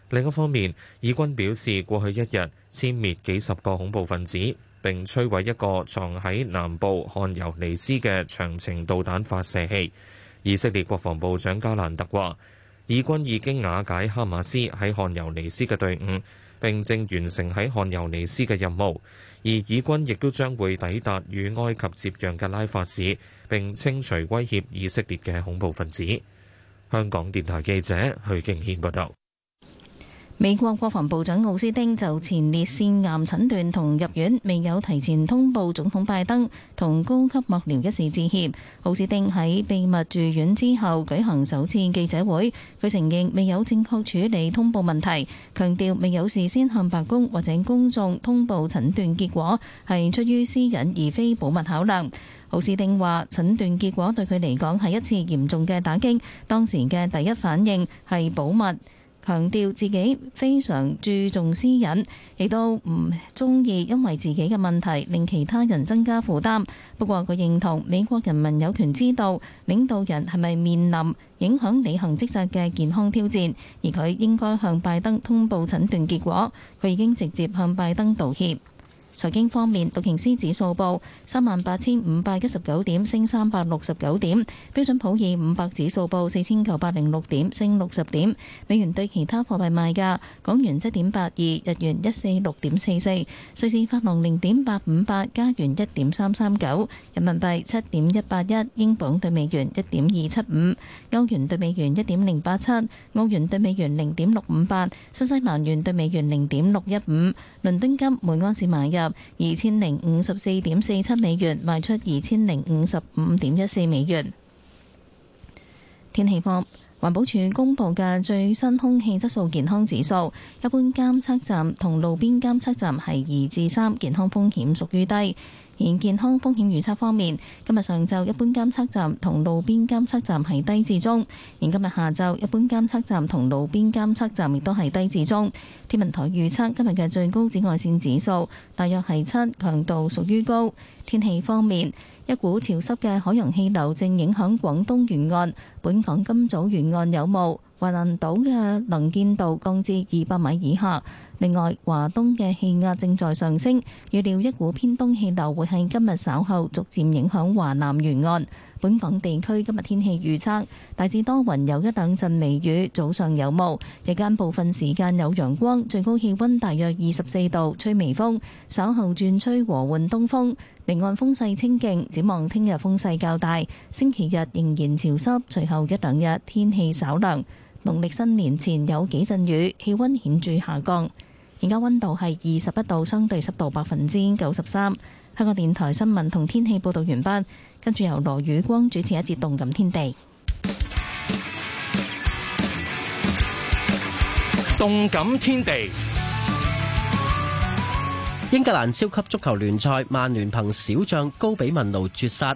另一方面，以軍表示過去一日殲滅幾十個恐怖分子，並摧毀一個藏喺南部漢尤尼斯嘅長程導彈發射器。以色列國防部長加蘭特話：以軍已經瓦解哈馬斯喺汗尤尼斯嘅隊伍，並正完成喺汗尤尼斯嘅任務，而以軍亦都將會抵達與埃及接壤嘅拉法市，並清除威脅以色列嘅恐怖分子。香港電台記者許敬謙報道。美國國防部長奧斯汀就前列腺癌診斷同入院未有提前通報總統拜登同高級幕僚一事致歉。奧斯汀喺秘密住院之後舉行首次記者會，佢承認未有正確處理通報問題，強調未有事先向白宮或者公眾通報診斷結果係出於私隱而非保密考量。奧斯汀話：診斷結果對佢嚟講係一次嚴重嘅打擊，當時嘅第一反應係保密。強調自己非常注重私隱，亦都唔鍾意因為自己嘅問題令其他人增加負擔。不過佢認同美國人民有權知道領導人係咪面臨影響履行職責嘅健康挑戰，而佢應該向拜登通報診斷結果。佢已經直接向拜登道歉。財經方面，道瓊斯指數報3萬8千519點，升369點；標準普爾500指數報4千9百06點，升60點。美元對其他貨幣賣價，港元7.82，日元146.44，瑞士法郎0.858，加元1.339，人民幣7.181，英鎊對美元1.275，歐元對美元1.087，澳元對美元0.658，新西蘭元對美元0.615。倫敦金每安士買日，二千零五十四點四七美元，賣出二千零五十五點一四美元。天氣科環保署公布嘅最新空氣質素健康指數，一般監測站同路邊監測站係二至三，健康風險屬於低。而健康風險預測方面，今日上晝一般監測站同路邊監測站係低至中。而今日下晝一般監測站同路邊監測站亦都係低至中。天文台預測今日嘅最高紫外線指數大約係七，強度屬於高。天氣方面，一股潮濕嘅海洋氣流正影響廣東沿岸，本港今早沿岸有霧，橫瀾島嘅能見度降至二百米以下。另外，華東嘅氣壓正在上升，預料一股偏東氣流會喺今日稍後逐漸影響華南沿岸。本港地區今日天氣預測，大致多雲，有一兩陣微雨，早上有霧，日間部分時間有陽光，最高氣溫大約二十四度，吹微風，稍後轉吹和緩東風，離岸風勢清勁，展望聽日風勢較大，星期日仍然潮濕，隨後一兩日天氣稍涼。農曆新年前有幾陣雨，氣溫顯著下降。而家溫度係二十一度，相對濕度百分之九十三。香港電台新聞同天氣報道完畢，跟住由羅宇光主持一節動感天地。動感天地。英格蘭超級足球聯賽，曼聯憑小將高比文奴絕殺。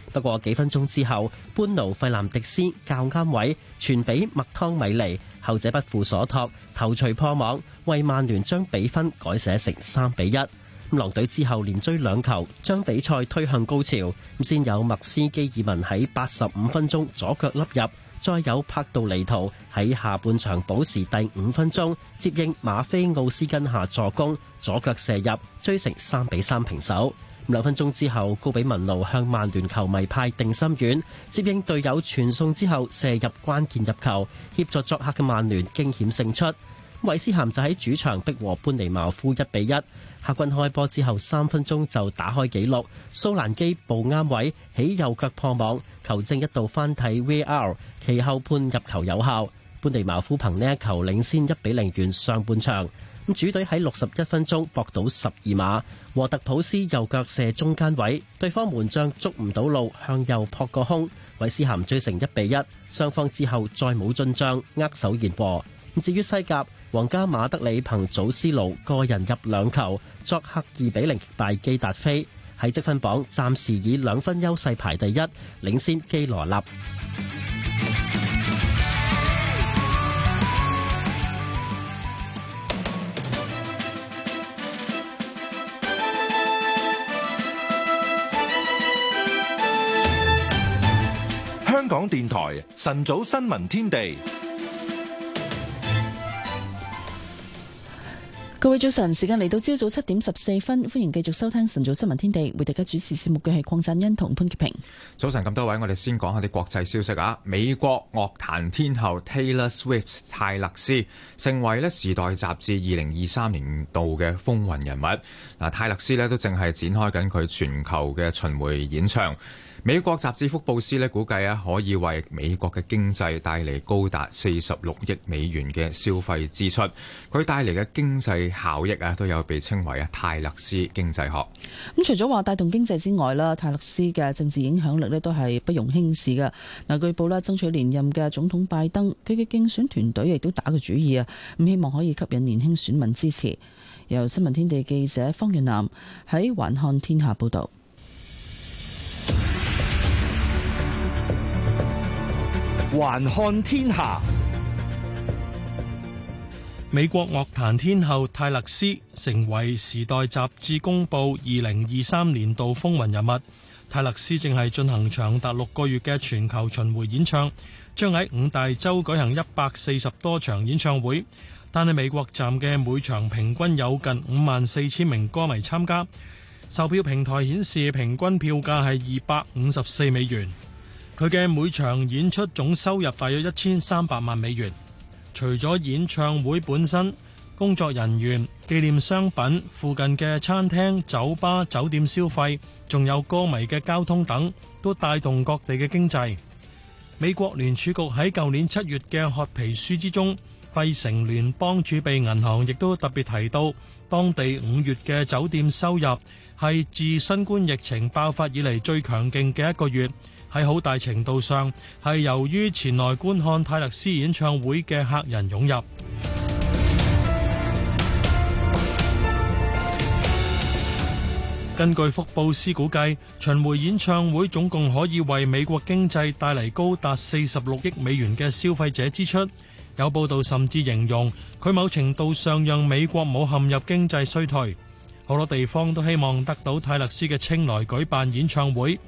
不過幾分鐘之後，班奴費蘭迪斯較啱位，傳俾麥湯米尼，後者不負所託，頭槌破網，為曼聯將比分改寫成三比一。狼隊之後連追兩球，將比賽推向高潮。先有麥斯基爾文喺八十五分鐘左腳笠入，再有帕杜尼圖喺下半場補時第五分鐘接應馬菲奧斯根下助攻，左腳射入，追成三比三平手。兩分鐘之後，高比文路向曼聯球迷派定心丸，接應隊友傳送之後射入關鍵入球，協助作客嘅曼聯驚險勝出。韋斯咸就喺主場逼和般尼茅夫一比一。客軍開波之後三分鐘就打開紀錄，蘇蘭基步啱位起右腳破網，球證一度翻睇 V R，其後判入球有效。般尼茅夫憑呢一球領先一比零完上半場。主隊喺六十一分鐘搏到十二碼，和特普斯右腳射中間位，對方門將捉唔到路，向右撲個空，韋斯咸追成一比一。雙方之後再冇進仗，握手言和。至於西甲，皇家馬德里憑祖斯路個人入兩球，作客二比零擊敗基達菲，喺積分榜暫時以兩分優勢排第一，領先基羅納。港電台晨早新聞天地，各位早晨，時間嚟到朝早七點十四分，歡迎繼續收聽晨早新聞天地，為大家主持節目嘅係鄺振恩同潘潔平。早晨，咁多位，我哋先講下啲國際消息啊！美國樂壇天后 Taylor Swift 泰勒斯成為呢《時代》雜誌二零二三年度嘅風雲人物。嗱，泰勒斯呢都正係展開緊佢全球嘅巡迴演唱。美國雜誌福布斯咧估計啊，可以為美國嘅經濟帶嚟高達四十六億美元嘅消費支出，佢帶嚟嘅經濟效益啊，都有被稱為啊泰勒斯經濟學。咁除咗話帶動經濟之外啦，泰勒斯嘅政治影響力咧都係不容輕視嘅。嗱，據報啦，爭取連任嘅總統拜登，佢嘅競選團隊亦都打個主意啊，咁希望可以吸引年輕選民支持。由新聞天地記者方潤南喺環看天下報道。還看天下，美國樂壇天后泰勒斯成為《時代》雜誌公布二零二三年度風雲人物。泰勒斯正係進行長達六個月嘅全球巡迴演唱，將喺五大洲舉行一百四十多場演唱會。單係美國站嘅每場平均有近五萬四千名歌迷參加，售票平台顯示平均票價係二百五十四美元。佢嘅每場演出總收入大約一千三百萬美元。除咗演唱會本身，工作人員、紀念商品、附近嘅餐廳、酒吧、酒店消費，仲有歌迷嘅交通等，都帶動各地嘅經濟。美國聯儲局喺舊年七月嘅褐皮書之中，費城聯邦儲備銀行亦都特別提到，當地五月嘅酒店收入係自新冠疫情爆發以嚟最強勁嘅一個月。喺好大程度上係由於前來觀看泰勒斯演唱會嘅客人湧入。根據福布斯估計，巡迴演唱會總共可以為美國經濟帶嚟高達四十六億美元嘅消費者支出。有報道甚至形容佢某程度上讓美國冇陷入經濟衰退。好多地方都希望得到泰勒斯嘅青睞舉辦演唱會。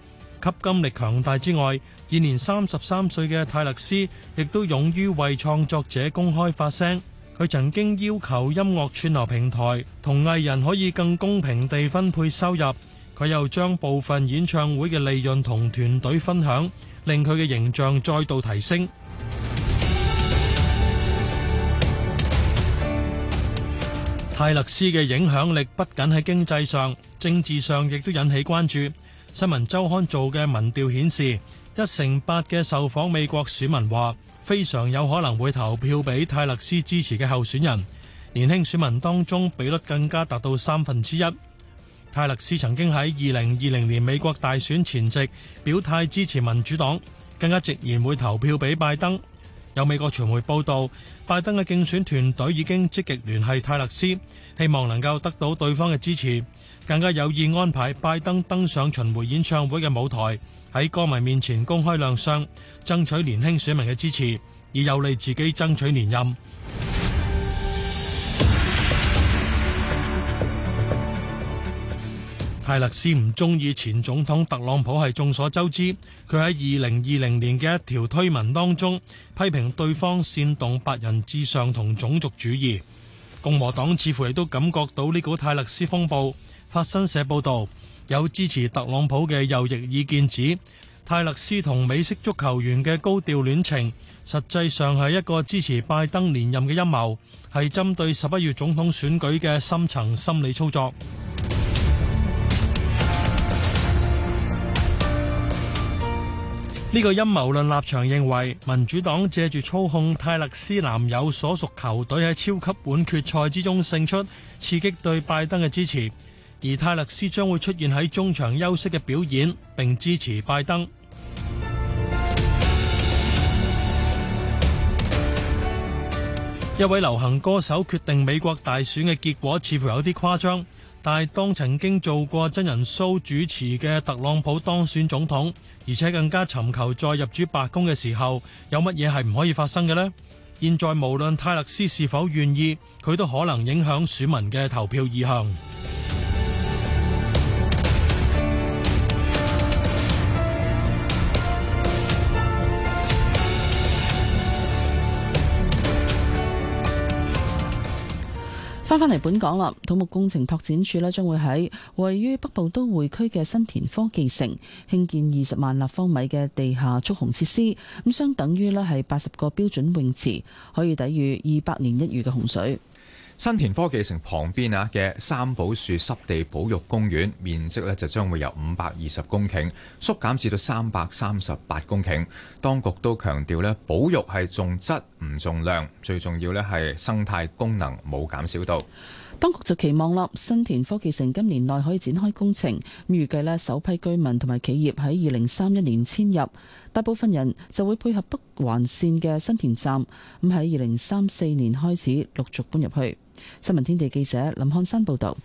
吸金力強大之外，現年三十三歲嘅泰勒斯亦都勇於為創作者公開發聲。佢曾經要求音樂串流平台，同藝人可以更公平地分配收入。佢又將部分演唱會嘅利潤同團隊分享，令佢嘅形象再度提升。泰勒斯嘅影響力不僅喺經濟上、政治上亦都引起關注。新聞週刊做嘅民調顯示，一成八嘅受訪美國選民話非常有可能會投票俾泰勒斯支持嘅候選人，年輕選民當中比率更加達到三分之一。泰勒斯曾經喺二零二零年美國大選前夕表態支持民主黨，更加直言會投票俾拜登。有美國傳媒報道，拜登嘅競選團隊已經積極聯繫泰勒斯，希望能夠得到對方嘅支持，更加有意安排拜登登上巡迴演唱會嘅舞台，喺歌迷面前公開亮相，爭取年輕選民嘅支持，以有利自己爭取連任。泰勒斯唔中意前總統特朗普係眾所周知，佢喺二零二零年嘅一條推文當中批評對方煽動白人至上同種族主義。共和黨似乎亦都感覺到呢股泰勒斯風暴。法新社報道，有支持特朗普嘅右翼意見指，泰勒斯同美式足球員嘅高調戀情，實際上係一個支持拜登連任嘅陰謀，係針對十一月總統選舉嘅深層心理操作。呢個陰謀論立場認為，民主黨借住操控泰勒斯男友所屬球隊喺超級碗決賽之中勝出，刺激對拜登嘅支持；而泰勒斯將會出現喺中場休息嘅表演，並支持拜登。 [MUSIC] 一位流行歌手決定美國大選嘅結果，似乎有啲誇張。但係當曾經做過真人 show 主持嘅特朗普當選總統。而且更加尋求再入主白宮嘅時候，有乜嘢係唔可以發生嘅咧？現在無論泰勒斯是否願意，佢都可能影響選民嘅投票意向。翻翻嚟本港啦，土木工程拓展署咧將會喺位於北部都會區嘅新田科技城興建二十萬立方米嘅地下蓄洪設施，咁相等於咧係八十個標準泳池，可以抵禦二百年一遇嘅洪水。新田科技城旁邊啊嘅三寶樹濕地保育公園，面積呢就將會由五百二十公頃縮減至到三百三十八公頃。當局都強調呢保育係重質唔重量，最重要呢係生態功能冇減少到。當局就期望咯，新田科技城今年內可以展開工程，預計呢首批居民同埋企業喺二零三一年遷入，大部分人就會配合北環線嘅新田站，噉喺二零三四年開始陸續搬入去。新聞天地記者林漢山報道，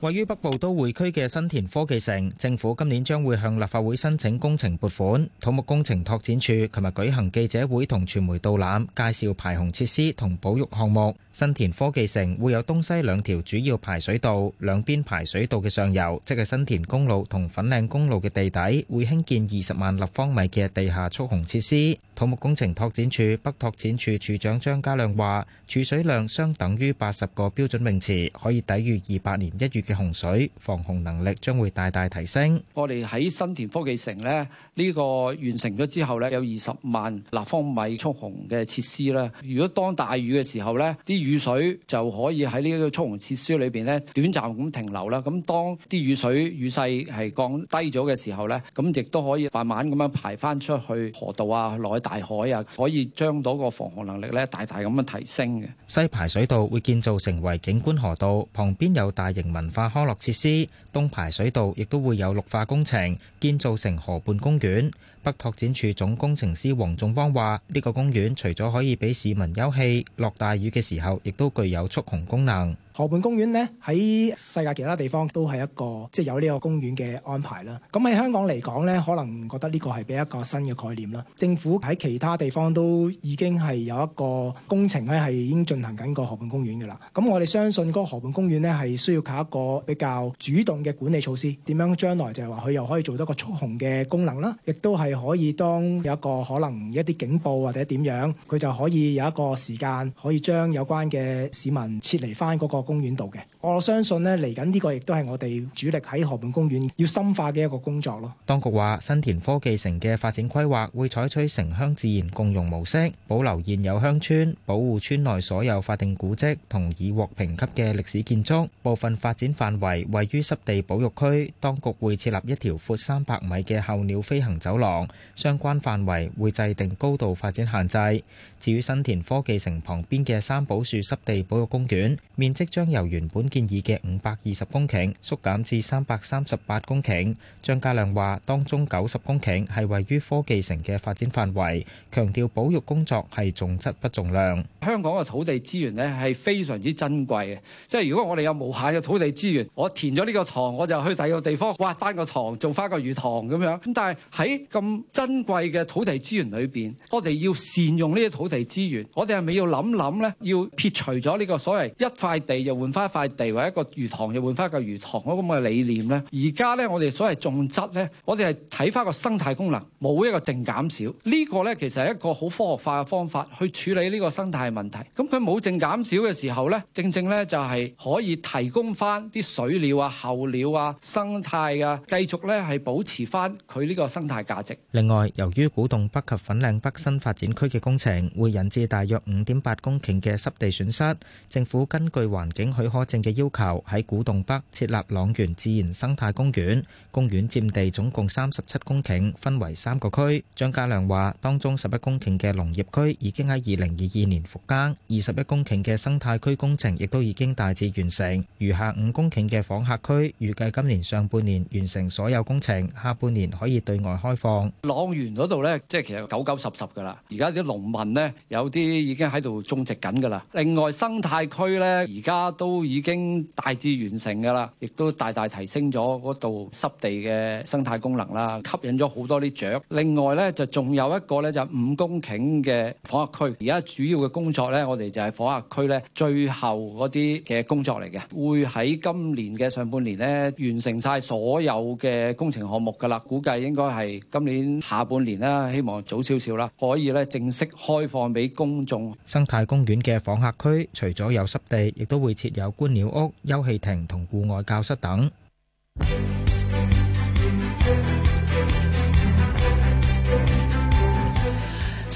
位於北部都會區嘅新田科技城，政府今年將會向立法會申請工程撥款。土木工程拓展處琴日舉行記者會同傳媒導覽，介紹排洪設施同保育項目。新田科技城會有東西兩條主要排水道，兩邊排水道嘅上游，即係新田公路同粉嶺公路嘅地底，會興建二十萬立方米嘅地下蓄洪設施。土木工程拓展署北拓展處處長張家亮話：儲水量相等於八十個標準泳池，可以抵禦二百年一遇嘅洪水，防洪能力將會大大提升。我哋喺新田科技城咧，呢個完成咗之後咧，有二十萬立方米蓄洪嘅設施咧，如果當大雨嘅時候咧，啲。雨水就可以喺呢個沖洪設施裏邊咧，短暫咁停留啦。咁當啲雨水雨勢係降低咗嘅時候咧，咁亦都可以慢慢咁樣排翻出去河道啊，落去大海啊，可以將到個防洪能力咧大大咁樣提升嘅。西排水道會建造成為景觀河道，旁邊有大型文化康樂設施；東排水道亦都會有綠化工程，建造成河畔公園。北拓展處總工程師黃仲邦話：呢、這個公園除咗可以俾市民休憩，落大雨嘅時候，亦都具有蓄洪功能。河畔公園呢，喺世界其他地方都係一個即係有呢個公園嘅安排啦。咁喺香港嚟講呢，可能覺得呢個係俾一個新嘅概念啦。政府喺其他地方都已經係有一個工程咧，係已經進行緊個河畔公園㗎喇。咁我哋相信嗰個河畔公園呢，係需要靠一個比較主動嘅管理措施。點樣將來就係話佢又可以做到個蓄洪嘅功能啦，亦都係可以當有一個可能一啲警報或者點樣，佢就可以有一個時間可以將有關嘅市民撤離返嗰個。公園度嘅。我相信呢，嚟緊呢個亦都係我哋主力喺河畔公園要深化嘅一個工作咯。當局話，新田科技城嘅發展規劃會採取城鄉自然共融模式，保留現有鄉村，保護村內所有法定古蹟同已獲評級嘅歷史建築。部分發展範圍位於濕地保育區，當局會設立一條闊三百米嘅候鳥飛行走廊，相關範圍會制定高度發展限制。至於新田科技城旁邊嘅三寶樹濕地保育公園，面積將由原本建議嘅五百二十公頃縮減至三百三十八公頃。張家亮話：當中九十公頃係位於科技城嘅發展範圍，強調保育工作係重質不重量。香港嘅土地資源呢，係非常之珍貴嘅，即係如果我哋有無限嘅土地資源，我填咗呢個塘，我就去第二個地方挖翻個塘，做翻個魚塘咁樣。咁但係喺咁珍貴嘅土地資源裏邊，我哋要善用呢啲土地資源，我哋係咪要諗諗呢？要撇除咗呢個所謂一塊地就換翻一塊地。作為一個魚塘又換翻一個魚塘嗰咁嘅理念咧，而家呢，我哋所謂種質呢，我哋係睇翻個生態功能，冇一個淨減少。呢個呢，其實係一個好科學化嘅方法去處理呢個生態問題。咁佢冇淨減少嘅時候呢，正正呢，就係可以提供翻啲水鳥啊、候鳥啊、生態啊，繼續呢，係保持翻佢呢個生態價值。另外，由於古洞北及粉嶺北新發展區嘅工程會引致大約五點八公頃嘅濕地損失，政府根據環境許可證。嘅要求喺古洞北設立塱原自然生態公園。公園佔地總共三十七公頃，分為三個區。張家良話，當中十一公頃嘅農業區已經喺二零二二年復耕，二十一公頃嘅生態區工程亦都已經大致完成，餘下五公頃嘅訪客區預計今年上半年完成所有工程，下半年可以對外開放。塱原嗰度呢，即係其實九九十十噶啦，而家啲農民呢，有啲已經喺度種植緊噶啦。另外生態區呢，而家都已經大致完成噶啦，亦都大大提升咗嗰度濕地。地嘅生態功能啦，吸引咗好多啲雀。另外呢，就仲有一個呢，就五公頃嘅訪客區。而家主要嘅工作呢，我哋就係訪客區呢最後嗰啲嘅工作嚟嘅，會喺今年嘅上半年呢完成晒所有嘅工程項目噶啦。估計應該係今年下半年啦，希望早少少啦，可以呢正式開放俾公眾。生態公園嘅訪客區，除咗有濕地，亦都會設有觀鳥屋、休憩亭同戶外教室等。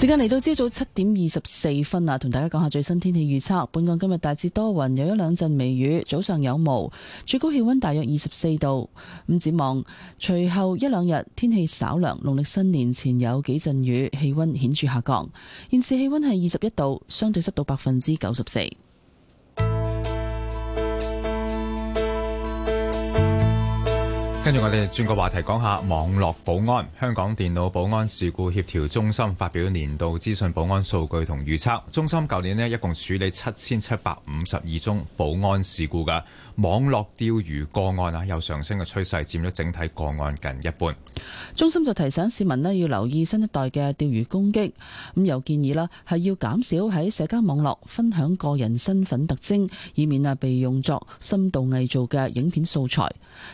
時間嚟到朝早七點二十四分啊，同大家講下最新天氣預測。本港今日大致多雲，有一兩陣微雨，早上有霧，最高氣温大約二十四度。咁展望，隨後一兩日天氣稍涼，農曆新年前有幾陣雨，氣温顯著下降。現時氣温係二十一度，相對濕度百分之九十四。跟住我哋轉個話題，講下網絡保安。香港電腦保安事故協調中心發表年度資訊保安數據同預測，中心舊年咧一共處理七千七百五十二宗保安事故噶，網絡釣魚個案啊有上升嘅趨勢，佔咗整體個案近一半。中心就提醒市民咧要留意新一代嘅釣魚攻擊，咁又建議啦係要減少喺社交網絡分享個人身份特徵，以免啊被用作深度偽造嘅影片素材。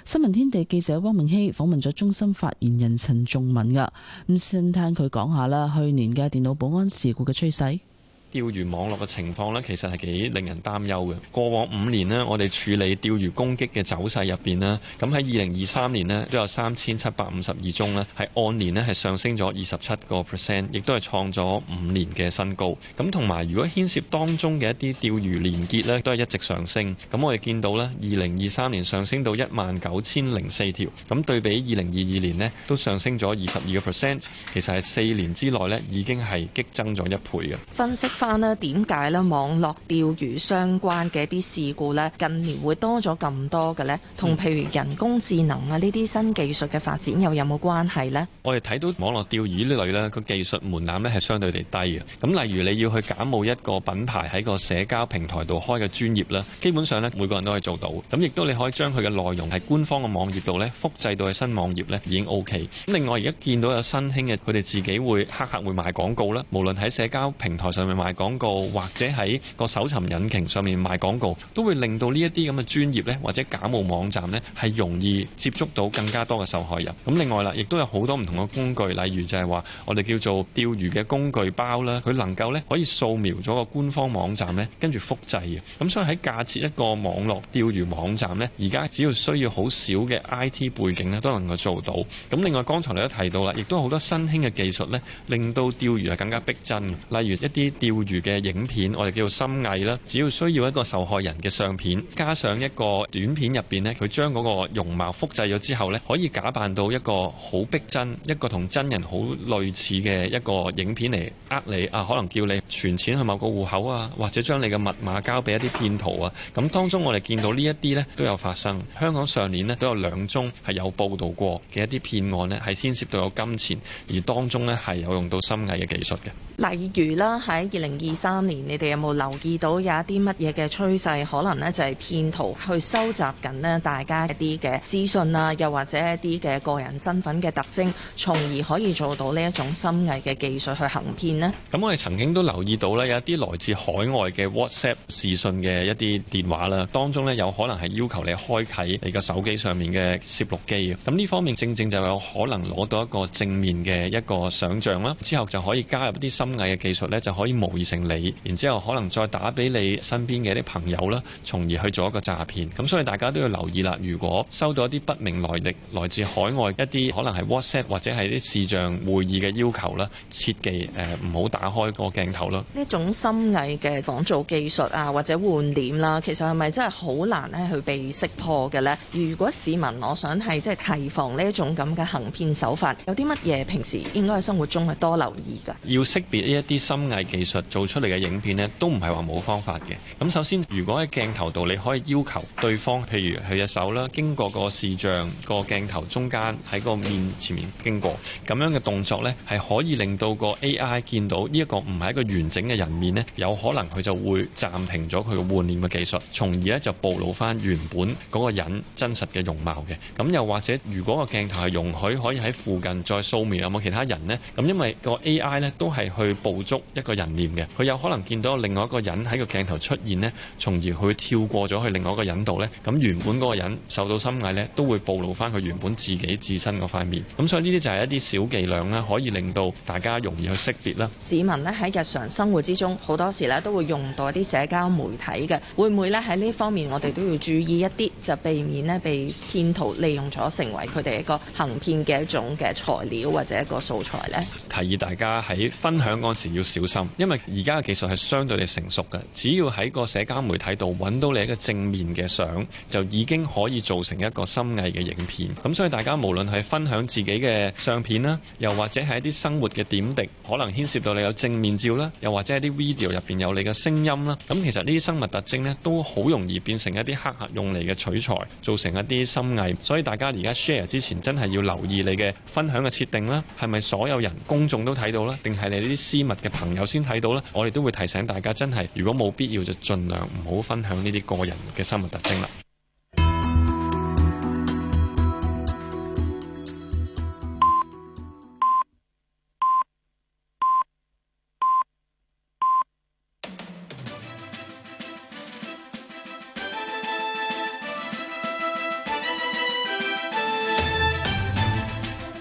新聞天地記者者汪明熙訪問咗中心發言人陳仲文噶，咁先聽佢講下啦，去年嘅電腦保安事故嘅趨勢。 [MUSIC] [MUSIC] 釣魚網絡嘅情況咧，其實係幾令人擔憂嘅。過往五年咧，我哋處理釣魚攻擊嘅走勢入邊咧，咁喺二零二三年咧都有三千七百五十二宗咧，係按年咧係上升咗二十七個 percent，亦都係創咗五年嘅新高。咁同埋，如果牽涉當中嘅一啲釣魚連結咧，都係一直上升。咁我哋見到呢二零二三年上升到一萬九千零四條。咁對比二零二二年咧，都上升咗二十二個 percent，其實係四年之內咧已經係激增咗一倍嘅。分析翻咧點解呢網絡釣魚相關嘅一啲事故呢近年會多咗咁多嘅呢，同譬如人工智能啊呢啲新技術嘅發展又有冇關係呢？我哋睇到網絡釣魚呢類呢個技術門檻呢係相對地低嘅。咁例如你要去假冒一個品牌喺個社交平台度開嘅專業啦，基本上呢每個人都可以做到。咁亦都你可以將佢嘅內容喺官方嘅網頁度呢複製到喺新網頁呢已經 OK。咁另外而家見到有新興嘅佢哋自己會黑客會賣廣告啦，無論喺社交平台上面賣。賣廣告或者喺個搜尋引擎上面賣廣告，都會令到呢一啲咁嘅專業呢，或者假冒網站呢，係容易接觸到更加多嘅受害人。咁另外啦，亦都有好多唔同嘅工具，例如就係話我哋叫做釣魚嘅工具包啦，佢能夠呢可以掃描咗個官方網站呢，跟住複製嘅。咁所以喺架設一個網絡釣魚網站呢，而家只要需要好少嘅 IT 背景呢，都能夠做到。咁另外，剛才你都提到啦，亦都有好多新興嘅技術呢，令到釣魚係更加逼真。例如一啲釣。僥餘嘅影片，我哋叫做心藝啦。只要需要一個受害人嘅相片，加上一個短片入邊呢，佢將嗰個容貌複製咗之後呢，可以假扮到一個好逼真，一個同真人好類似嘅一個影片嚟呃你啊，可能叫你存錢去某個戶口啊，或者將你嘅密碼交俾一啲騙徒啊。咁當中我哋見到呢一啲呢都有發生。香港上年呢都有兩宗係有報道過嘅一啲騙案呢，係牽涉到有金錢，而當中呢係有用到心藝嘅技術嘅。例如啦，喺零二三年，你哋有冇留意到有一啲乜嘢嘅趨勢可能呢？就係騙徒去收集緊呢大家一啲嘅資訊啊，又或者一啲嘅個人身份嘅特徵，從而可以做到呢一種深偽嘅技術去行騙呢。咁我哋曾經都留意到呢，有一啲來自海外嘅 WhatsApp 視訊嘅一啲電話啦，當中呢，有可能係要求你開啟你個手機上面嘅攝錄機。咁呢方面正正就有可能攞到一個正面嘅一個想象啦，之後就可以加入啲深偽嘅技術呢，就可以而成你，然之後可能再打俾你身邊嘅一啲朋友啦，從而去做一個詐騙。咁所以大家都要留意啦。如果收到一啲不明來歷、來自海外一啲可能係 WhatsApp 或者係啲視像會議嘅要求啦，切記誒唔好打開個鏡頭啦。呢一種深偽嘅仿造技術啊，或者換臉啦，其實係咪真係好難咧去被識破嘅呢？如果市民我想係即係提防呢一種咁嘅行騙手法，有啲乜嘢平時應該喺生活中係多留意㗎？要識別呢一啲深偽技術，做出嚟嘅影片呢都唔係話冇方法嘅。咁首先，如果喺鏡頭度你可以要求對方，譬如佢隻手啦，經過個視像個鏡頭中間喺個面前面經過，咁樣嘅動作呢係可以令到個 AI 見到呢一個唔係一個完整嘅人面呢，有可能佢就會暫停咗佢嘅換臉嘅技術，從而呢就暴露翻原本嗰個人真實嘅容貌嘅。咁又或者，如果個鏡頭係容許可以喺附近再掃描有冇其他人呢，咁因為個 AI 呢都係去捕捉一個人臉。佢有可能見到另外一個人喺個鏡頭出現呢，從而佢跳過咗去另外一個人度呢。咁原本嗰個人受到深偽呢，都會暴露翻佢原本自己自身嗰塊面。咁所以呢啲就係一啲小伎倆啦，可以令到大家容易去識別啦。市民呢喺日常生活之中，好多時呢都會用到一啲社交媒體嘅，會唔會呢？喺呢方面我哋都要注意一啲，就避免呢被騙徒利用咗成為佢哋一個行騙嘅一種嘅材料或者一個素材呢。提議大家喺分享嗰時要小心，因為。而家嘅技術係相對地成熟嘅，只要喺個社交媒體度揾到你一個正面嘅相，就已經可以做成一個深偽嘅影片。咁所以大家無論係分享自己嘅相片啦，又或者係一啲生活嘅點滴，可能牽涉到你有正面照啦，又或者係啲 video 入邊有你嘅聲音啦。咁其實呢啲生物特徵呢，都好容易變成一啲黑客用嚟嘅取材，做成一啲深偽。所以大家而家 share 之前真係要留意你嘅分享嘅設定啦，係咪所有人公眾都睇到啦？定係你呢啲私密嘅朋友先睇到？我哋都會提醒大家，真係如果冇必要就盡量唔好分享呢啲個人嘅生物特徵啦。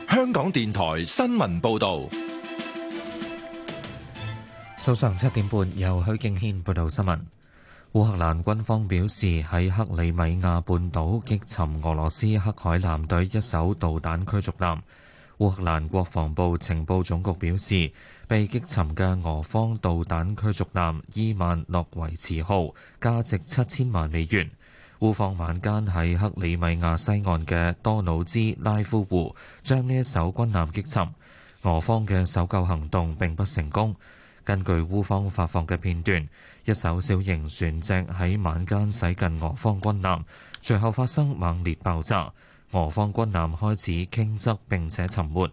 香港電台新聞報道。早上七點半，由許敬軒報道新聞。烏克蘭軍方表示喺克里米亞半島擊沉俄羅斯黑海艦隊一艘導彈驅逐艦。烏克蘭國防部情報總局表示，被擊沉嘅俄方導彈驅逐艦伊曼諾維茨號價值七千萬美元。烏方晚間喺克里米亞西岸嘅多努茲拉夫湖將呢一艘軍艦擊沉。俄方嘅搜救行動並不成功。根據烏方發放嘅片段，一艘小型船隻喺晚間駛近俄方軍艦，隨後發生猛烈爆炸，俄方軍艦開始傾側並且沉沒。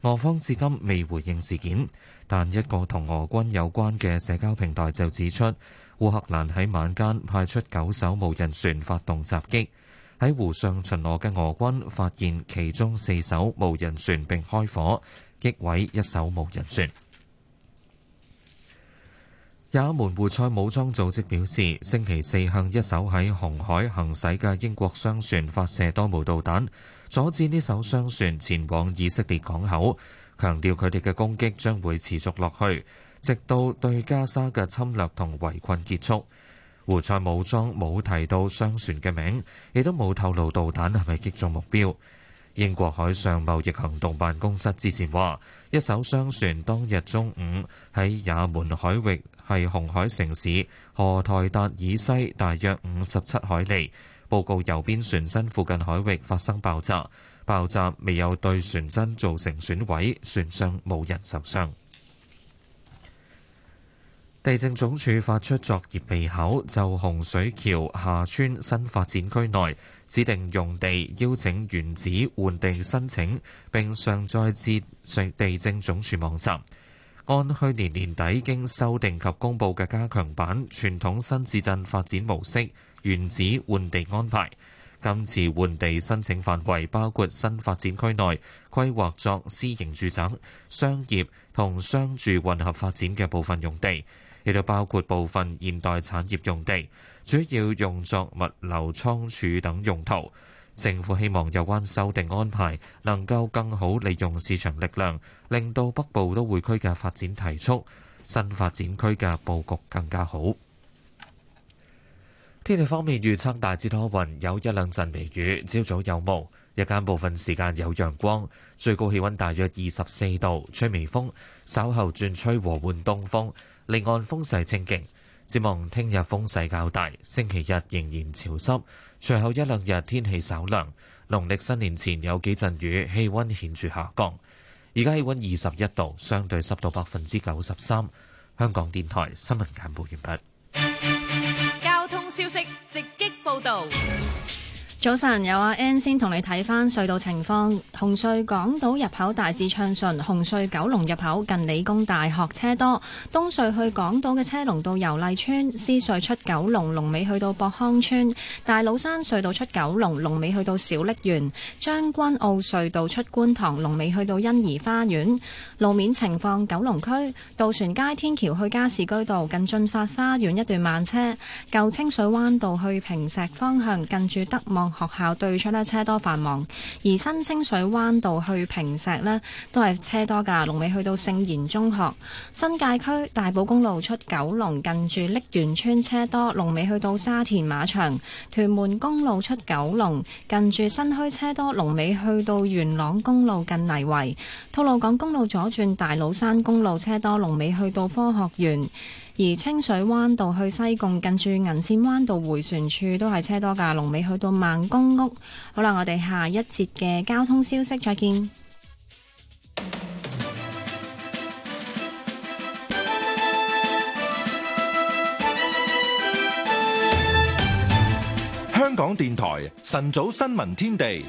俄方至今未回應事件，但一個同俄軍有關嘅社交平台就指出，烏克蘭喺晚間派出九艘無人船發動襲擊，喺湖上巡邏嘅俄軍發現其中四艘無人船並開火，擊毀一艘無人船。也門胡塞武裝組織表示，星期四向一艘喺紅海行駛嘅英國商船發射多枚導彈，阻止呢艘商船前往以色列港口。強調佢哋嘅攻擊將會持續落去，直到對加沙嘅侵略同圍困結束。胡塞武裝冇提到商船嘅名，亦都冇透露導彈係咪擊中目標。英國海上貿易行動辦公室之前話，一艘商船當日中午喺也門海域，係紅海城市河台達以西大約五十七海里，報告右邊船身附近海域發生爆炸，爆炸未有對船身造成損毀，船上無人受傷。 [NOISE] 地政總署發出作業備考，就洪水橋下村新發展區內指定用地邀請原址換地申請，並上載至地政總署網站。按去年年底經修訂及公佈嘅加強版傳統新市鎮發展模式，原址換地安排。今次換地申請範圍包括新發展區內規劃作私營住宅、商業同商住混合發展嘅部分用地，亦都包括部分現代產業用地，主要用作物流倉儲等用途。政府希望有關修訂安排能夠更好利用市場力量，令到北部都會區嘅發展提速，新發展區嘅佈局更加好。天氣方面預測大致多雲，有一兩陣微雨，朝早有霧，日間部分時間有陽光，最高氣温大約二十四度，吹微風，稍後轉吹和緩東風，離岸風勢清勁。展望聽日風勢較大，星期日仍然潮濕。隨後一兩日天氣稍涼，農曆新年前有幾陣雨，氣溫顯著下降。而家氣溫二十一度，相對濕度百分之九十三。香港電台新聞簡報完畢。交通消息直擊報道。早晨，有阿 N 先同你睇翻隧道情況。紅隧港島入口大致暢順，紅隧九龍入口近理工大學車多。東隧去港島嘅車龍到油麗村，獅隧出九龍龍尾去到博康村。大老山隧道出九龍龍尾去到小瀝源。將軍澳隧道出觀塘龍尾去到欣怡花園。路面情況，九龍區渡船街天橋去加士居道近駿發花園一段慢車。舊清水灣道去坪石方向近住德望學校對出咧，車多繁忙，而新清水灣道去坪石咧都係車多噶龍尾去到聖賢中學。新界區大埔公路出九龍近住瀝源村車多，龍尾去到沙田馬場。屯門公路出九龍近住新墟車多，龍尾去到元朗公路近泥圍。吐露港公路左轉大老山公路車多，龍尾去到科學園。而清水灣道去西貢近住銀線灣道回旋處都係車多㗎，龍尾去到孟公屋。好啦，我哋下一節嘅交通消息再見。香港電台晨早新聞天地。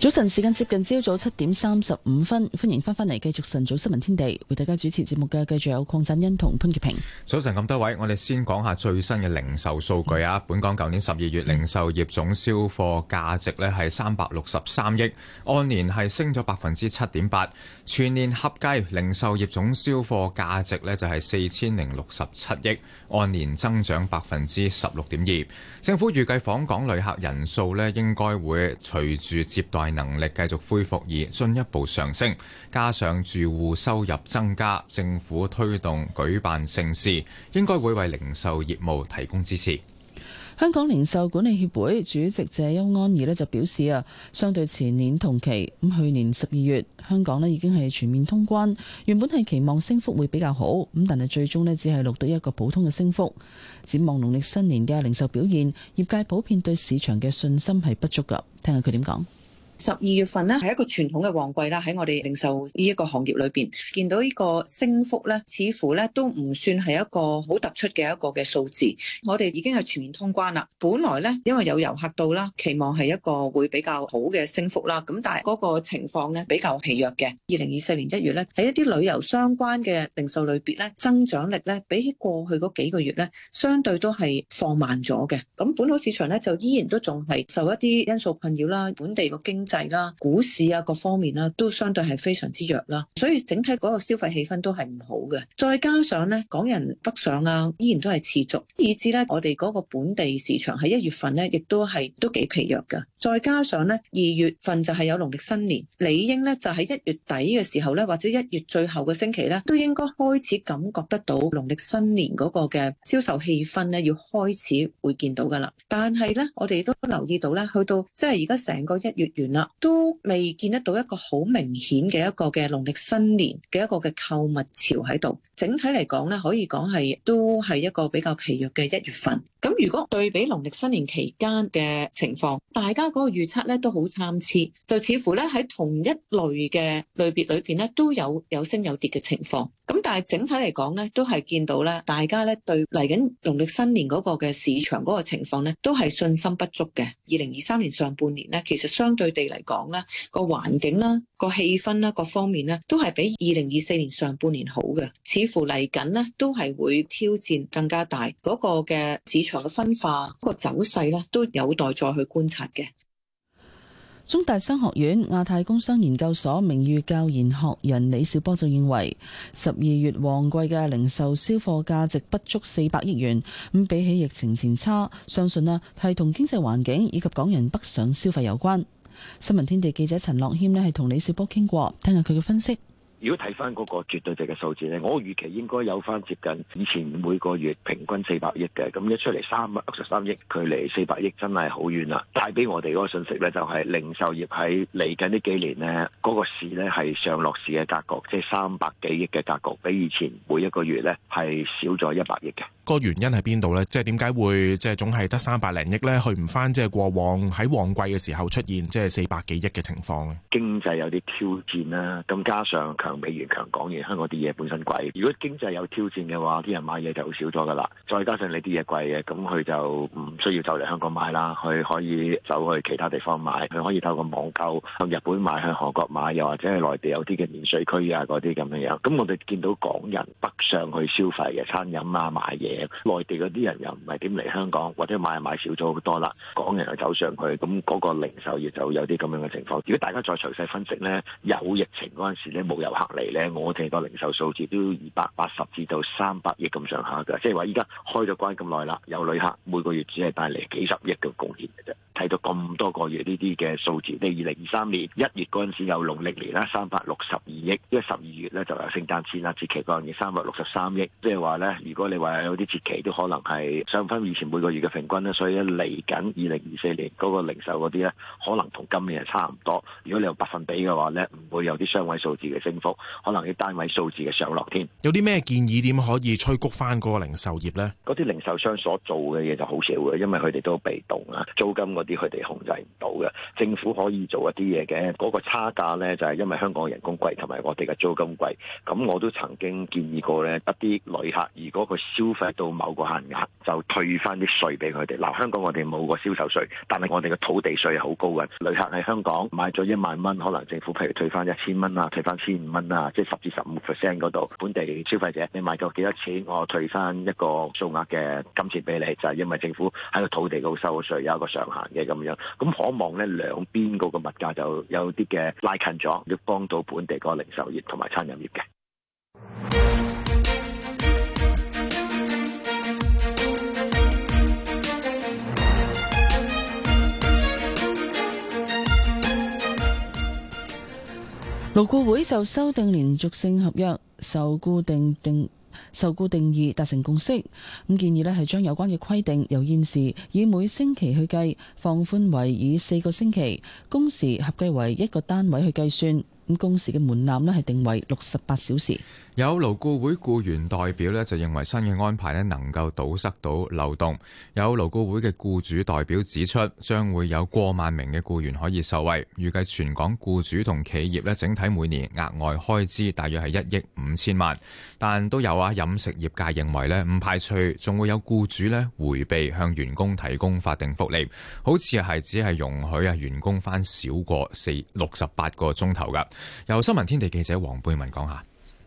早晨，時間接近朝早七點三十五分，歡迎翻返嚟繼續晨早新聞天地，為大家主持節目嘅繼續有鄺振恩同潘潔平。早晨咁多位，我哋先講下最新嘅零售數據啊！本港舊年十二月零售業總銷貨價值咧係三百六十三億，按年係升咗百分之七點八，全年合計零售業總銷貨價值咧就係四千零六十七億，按年增長百分之十六點二。政府預計訪港旅客人數咧應該會隨住接待能力繼續恢復，而進一步上升，加上住戶收入增加，政府推動舉辦盛事，應該會為零售業務提供支持。香港零售管理協會主席謝邱安儀咧就表示啊，相對前年同期，去年十二月，香港咧已經係全面通關，原本係期望升幅會比較好，咁但係最終咧只係錄得一個普通嘅升幅。展望農曆新年嘅零售表現，業界普遍對市場嘅信心係不足噶。聽下佢點講。十二月份呢，係一個傳統嘅旺季啦，喺我哋零售呢一個行業裏邊，見到呢個升幅呢，似乎呢都唔算係一個好突出嘅一個嘅數字。我哋已經係全面通關啦，本來呢，因為有遊客到啦，期望係一個會比較好嘅升幅啦。咁但係嗰個情況呢，比較疲弱嘅。二零二四年一月呢，喺一啲旅遊相關嘅零售類別呢，增長力呢比起過去嗰幾個月呢，相對都係放慢咗嘅。咁本土市場呢，就依然都仲係受一啲因素困擾啦，本地個經濟。啦，股市啊，各方面啦，都相對係非常之弱啦，所以整體嗰個消費氣氛都係唔好嘅。再加上咧，港人北上啊，依然都係持續，以致咧，我哋嗰個本地市場喺一月份咧，亦都係都幾疲弱嘅。再加上咧，二月份就係有農曆新年，理應咧就喺一月底嘅時候咧，或者一月最後嘅星期咧，都應該開始感覺得到農曆新年嗰個嘅銷售氣氛咧，要開始會見到噶啦。但係咧，我哋都留意到咧，去到即係而家成個一月完啦。都未見得到一個好明顯嘅一個嘅農曆新年嘅一個嘅購物潮喺度，整體嚟講呢，可以講係都係一個比較疲弱嘅一月份。咁如果對比農曆新年期間嘅情況，大家嗰個預測呢都好參差，就似乎呢喺同一類嘅類別裏面呢都有有升有跌嘅情況。咁但係整體嚟講咧，都係見到咧，大家咧對嚟緊農曆新年嗰個嘅市場嗰個情況咧，都係信心不足嘅。二零二三年上半年咧，其實相對地嚟講咧，個環境啦、個氣氛啦、各方面咧，都係比二零二四年上半年好嘅。似乎嚟緊咧都係會挑戰更加大嗰個嘅市場嘅分化、嗰個走勢咧，都有待再去觀察嘅。中大商學院亞太工商研究所名譽教研學人李兆波就認為，十二月旺季嘅零售銷貨價值不足四百億元，咁比起疫情前差，相信呢係同經濟環境以及港人北上消費有關。新聞天地記者陳樂謙呢，係同李兆波傾過，聽下佢嘅分析。如果睇翻嗰個絕對值嘅數字咧，我預期應該有翻接近以前每個月平均四百億嘅，咁一出嚟，三百六十三億，距離四百億真係好遠啦。帶俾我哋嗰個信息咧，就係、是、零售業喺嚟緊呢幾年咧，嗰、那個市咧係上落市嘅格局，即係三百幾億嘅格局，比以前每一個月咧係少咗一百億嘅。個原因係邊度咧？即係點解會即係總係得三百零億咧，去唔翻即係過往喺旺季嘅時候出現即係四百幾億嘅情況咧？經濟有啲挑戰啦，咁加上強美元強港元，香港啲嘢本身貴。如果經濟有挑戰嘅話，啲人買嘢就好少咗噶啦。再加上你啲嘢貴嘅，咁佢就唔需要就嚟香港買啦，佢可以走去其他地方買，佢可以透過網購向日本買、向韓國買，又或者係內地有啲嘅免稅區啊嗰啲咁嘅樣。咁我哋見到港人北上去消費嘅餐飲啊、買嘢。內地嗰啲人又唔係點嚟香港，或者買啊買少咗好多啦。港人又走上去，咁嗰個零售業就有啲咁樣嘅情況。如果大家再詳細分析呢，有疫情嗰陣時咧冇遊客嚟呢，我哋個零售數字都二百八十至到三百億咁上下㗎。即係話依家開咗關咁耐啦，有旅客每個月只係帶嚟幾十億嘅貢獻。睇到咁多個月呢啲嘅數字，即二零二三年一月嗰陣時有農曆年啦，三百六十二億，因為十二月呢就有聖誕節啊、節期嗰樣嘢，三百六十三億。即係話呢，如果你話有。啲節期都可能係上翻以前每個月嘅平均咧，所以嚟緊二零二四年嗰個零售嗰啲咧，可能同今年係差唔多。如果你有百分比嘅話咧，唔會有啲雙位數字嘅升幅，可能啲單位數字嘅上落添。有啲咩建議點可以催谷翻嗰個零售業咧？嗰啲零售商所做嘅嘢就好少嘅，因為佢哋都被動啊，租金嗰啲佢哋控制唔到嘅。政府可以做一啲嘢嘅，嗰個差價咧就係因為香港人工貴同埋我哋嘅租金貴。咁我都曾經建議過咧，一啲旅客如果佢消費，到某個限額就退翻啲稅俾佢哋。嗱、呃，香港我哋冇個銷售稅，但係我哋嘅土地稅係好高嘅。旅客喺香港買咗一萬蚊，可能政府譬如退翻一千蚊啊，退翻千五蚊啊，即係十至十五 percent 嗰度。本地消費者你買夠幾多錢，我退翻一個數額嘅金錢俾你，就係、是、因為政府喺個土地度收嘅稅有一個上限嘅咁樣。咁可望呢兩邊嗰個物價就有啲嘅拉近咗，要幫到本地個零售業同埋餐飲業嘅。 [MUSIC] 勞顧會就修訂連續性合約受僱定定受僱定義達成共識，咁建議咧係將有關嘅規定由現時以每星期去計放寬為以四個星期工時合計為一個單位去計算。工時嘅門檻咧係定為六十八小時。有勞顧會僱員代表咧就認為新嘅安排咧能夠堵塞到漏洞。有勞顧會嘅僱主代表指出，將會有過萬名嘅僱員可以受惠。預計全港僱主同企業咧整體每年額外開支大約係一億五千萬。但都有啊，飲食業界認為咧唔排除仲會有僱主咧迴避向員工提供法定福利。好似係只係容許啊員工返少過四六十八個鐘頭㗎。由新聞天地記者黃貝文講下，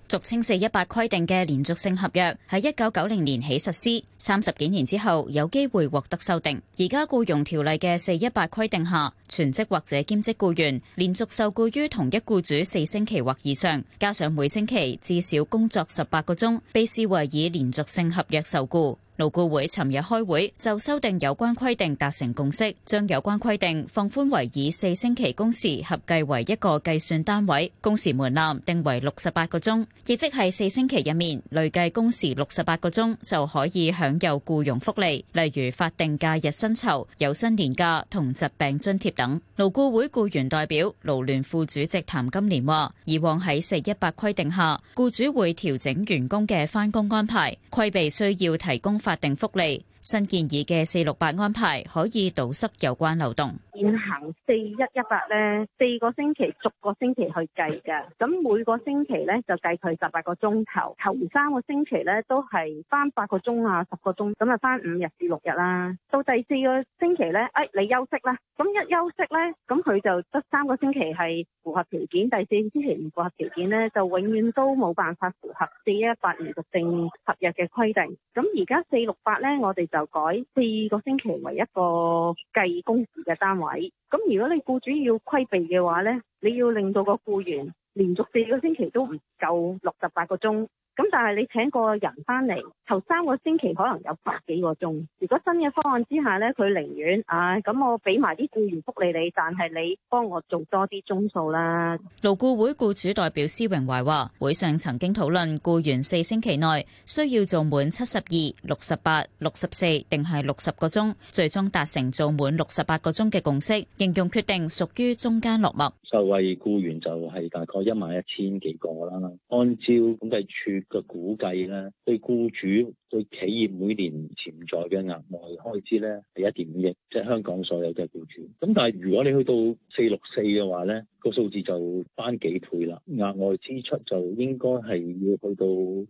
俗稱四一八規定嘅連續性合約喺一九九零年起實施，三十幾年之後有機會獲得修訂。而家雇傭條例嘅四一八規定下，全職或者兼職雇員連續受雇於同一雇主四星期或以上，加上每星期至少工作十八個鐘，被視為以連續性合約受雇。勞雇會尋日開會就修訂有關規定達成共識，將有關規定放寬為以四星期工時合計為一個計算單位，工時門檻定為六十八個鐘，亦即係四星期入面累計工時六十八個鐘就可以享有雇傭福利，例如法定假日薪酬、有薪年假同疾病津貼等。勞顧會雇員代表勞聯副主席譚金蓮話，以往喺四一八規定下，雇主會調整員工嘅返工安排，規避需要提供。法定福利，新建議嘅四六八安排，可以堵塞有關漏洞。現行四一一八咧，四個星期逐個星期去計嘅，咁每個星期咧就計佢十八個鐘頭，頭三個星期咧都係翻八個鐘啊十個鐘，咁啊翻五日至六日啦。到第四個星期咧，誒、哎，你休息啦，咁一休息咧，咁佢就得三個星期係符合條件，第四個星期唔符合條件咧，就永遠都冇辦法符合四一八連續性十日嘅規定。咁而家四六八咧，我哋就改四個星期為一個計工時嘅單位。位咁，如果你雇主要規避嘅話咧，你要令到個雇員連續四個星期都唔夠六十八個鐘。咁但係你請個人翻嚟，頭三個星期可能有百幾個鐘。如果新嘅方案之下呢，佢寧願啊，咁我俾埋啲僱員福利你，但係你幫我做多啲鐘數啦。勞顧會僱主代表施榮懷話，會上曾經討論僱員四星期內需要做滿七十二、六十八、六十四定係六十個鐘，最終達成做滿六十八個鐘嘅共識，形容決定屬於中間落墨。就為僱員就係大概一萬一千幾個啦。按照統計處嘅估計咧，對僱主對企業每年潛在嘅額外開支咧係一點五億，即係香港所有嘅僱主。咁但係如果你去到四六四嘅話咧，個數字就翻幾倍啦，額外支出就應該係要去到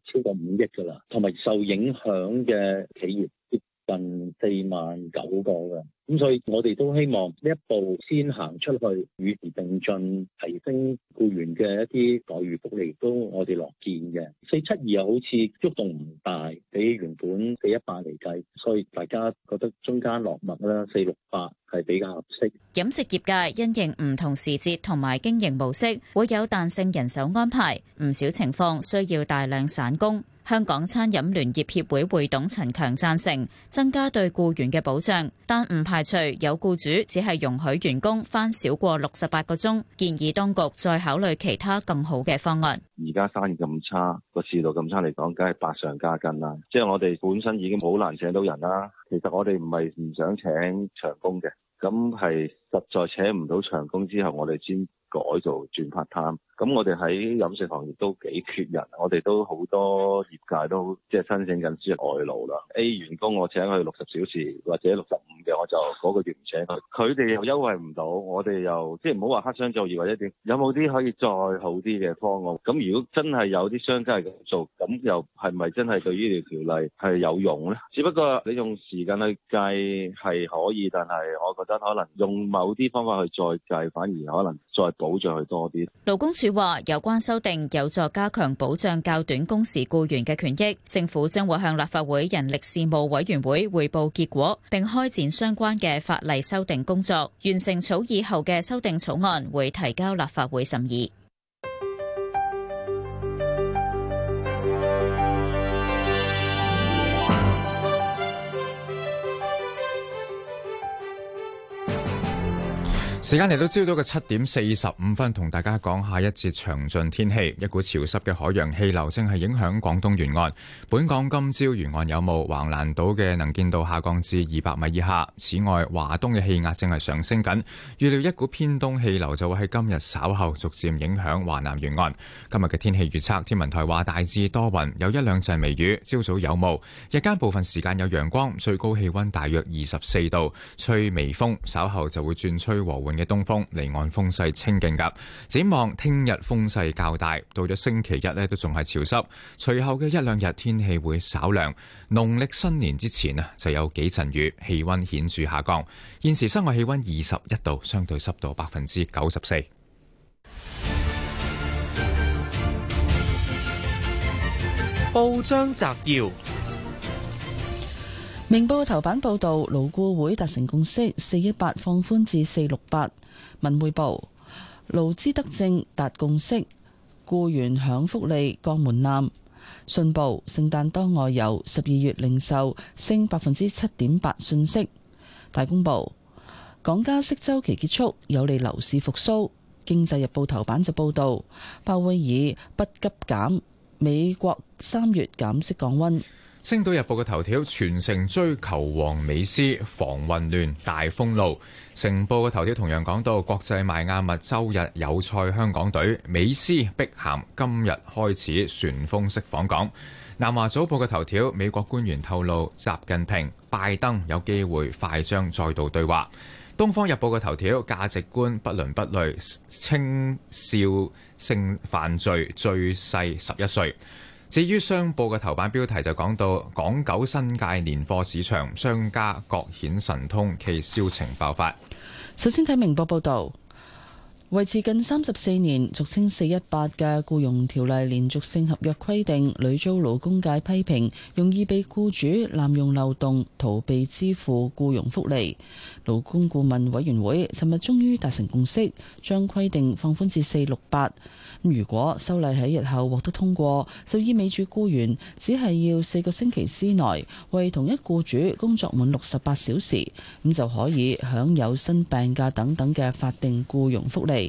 超過五億㗎啦，同埋受影響嘅企業。近四萬九個嘅，咁所以我哋都希望呢一步先行出去，與時並進，提升僱員嘅一啲待遇福利，都我哋樂見嘅。四七二又好似喐動唔大，比原本四一八嚟計，所以大家覺得中間落墨啦，四六八係比較合適。飲食業界因應唔同時節同埋經營模式，會有彈性人手安排，唔少情況需要大量散工。香港餐飲聯業協會會董陳強贊成增加對僱員嘅保障，但唔排除有僱主只係容許員工翻少過六十八個鐘。建議當局再考慮其他更好嘅方案。而家生意咁差，個市道咁差嚟講，梗係百上加斤啦。即係我哋本身已經好難請到人啦。其實我哋唔係唔想請長工嘅，咁係實在請唔到長工之後，我哋先。改做轉 part time，咁我哋喺飲食行業都幾缺人，我哋都好多業界都即係申請緊輸外勞啦。A 員工我請佢六十小時或者六十五嘅，我就嗰個月唔請佢。佢哋又優惠唔到，我哋又即係唔好話黑箱作業或者點。有冇啲可以再好啲嘅方案？咁如果真係有啲商家係咁做，咁又係咪真係對於醫療條例係有用呢？只不過你用時間去計係可以，但係我覺得可能用某啲方法去再計，反而可能再。保障多啲勞工署話有關修訂有助加強保障較短工時僱員嘅權益，政府將會向立法會人力事務委員會匯報結果，並開展相關嘅法例修訂工作。完成草擬後嘅修訂草案會提交立法會審議。時間嚟到朝早嘅七點四十五分，同大家講下一節詳盡天氣。一股潮濕嘅海洋氣流正係影響廣東沿岸。本港今朝沿岸有霧，橫瀾島嘅能見度下降至二百米以下。此外，華東嘅氣壓正係上升緊，預料一股偏東氣流就會喺今日稍後逐漸影響華南沿岸。今日嘅天氣預測，天文台話大致多雲，有一兩陣微雨，朝早有霧，日間部分時間有陽光，最高氣温大約二十四度，吹微風，稍後就會轉吹和緩。嘅東風，離岸風勢清勁噶，展望聽日風勢較大，到咗星期一呢都仲係潮濕，隨後嘅一兩日天氣會稍涼。農曆新年之前啊，就有幾陣雨，氣温顯著下降。現時室外氣温二十一度，相對濕度百分之九十四。報章摘要。明報頭版報導，勞顧會達成共識，四一八放寬至四六八。文匯報，勞資得政達共識，雇員享福利降門檻。信報，聖誕當外遊，十二月零售升百分之七點八。信息大公報，港加息週期結束，有利樓市復甦。經濟日報頭版就報導，鮑威爾不急減，美國三月減息降溫。《星島日報》嘅頭條：全城追求王美斯，防混亂大封路。《成報》嘅頭條同樣講到國際邁亞密周日有賽香港隊，美斯碧咸今日開始旋風式訪港。《南華早報》嘅頭條：美國官員透露，習近平、拜登有機會快將再度對話。《東方日報》嘅頭條：價值觀不倫不類，青少性犯罪最細十一歲。至於商報嘅頭版標題就講到，港九新界年貨市場商家各顯神通，期銷情爆發。首先睇明報報導。維持近三十四年，俗稱四一八嘅僱傭條例連續性合約規定，屢遭勞工界批評，容易被僱主濫用漏洞，逃避支付僱傭福利。勞工顧問委員會尋日終於達成共識，將規定放寬至四六八。如果修例喺日後獲得通過，就意味住僱員只係要四個星期之內為同一僱主工作滿六十八小時，咁就可以享有新病假等等嘅法定僱傭福利。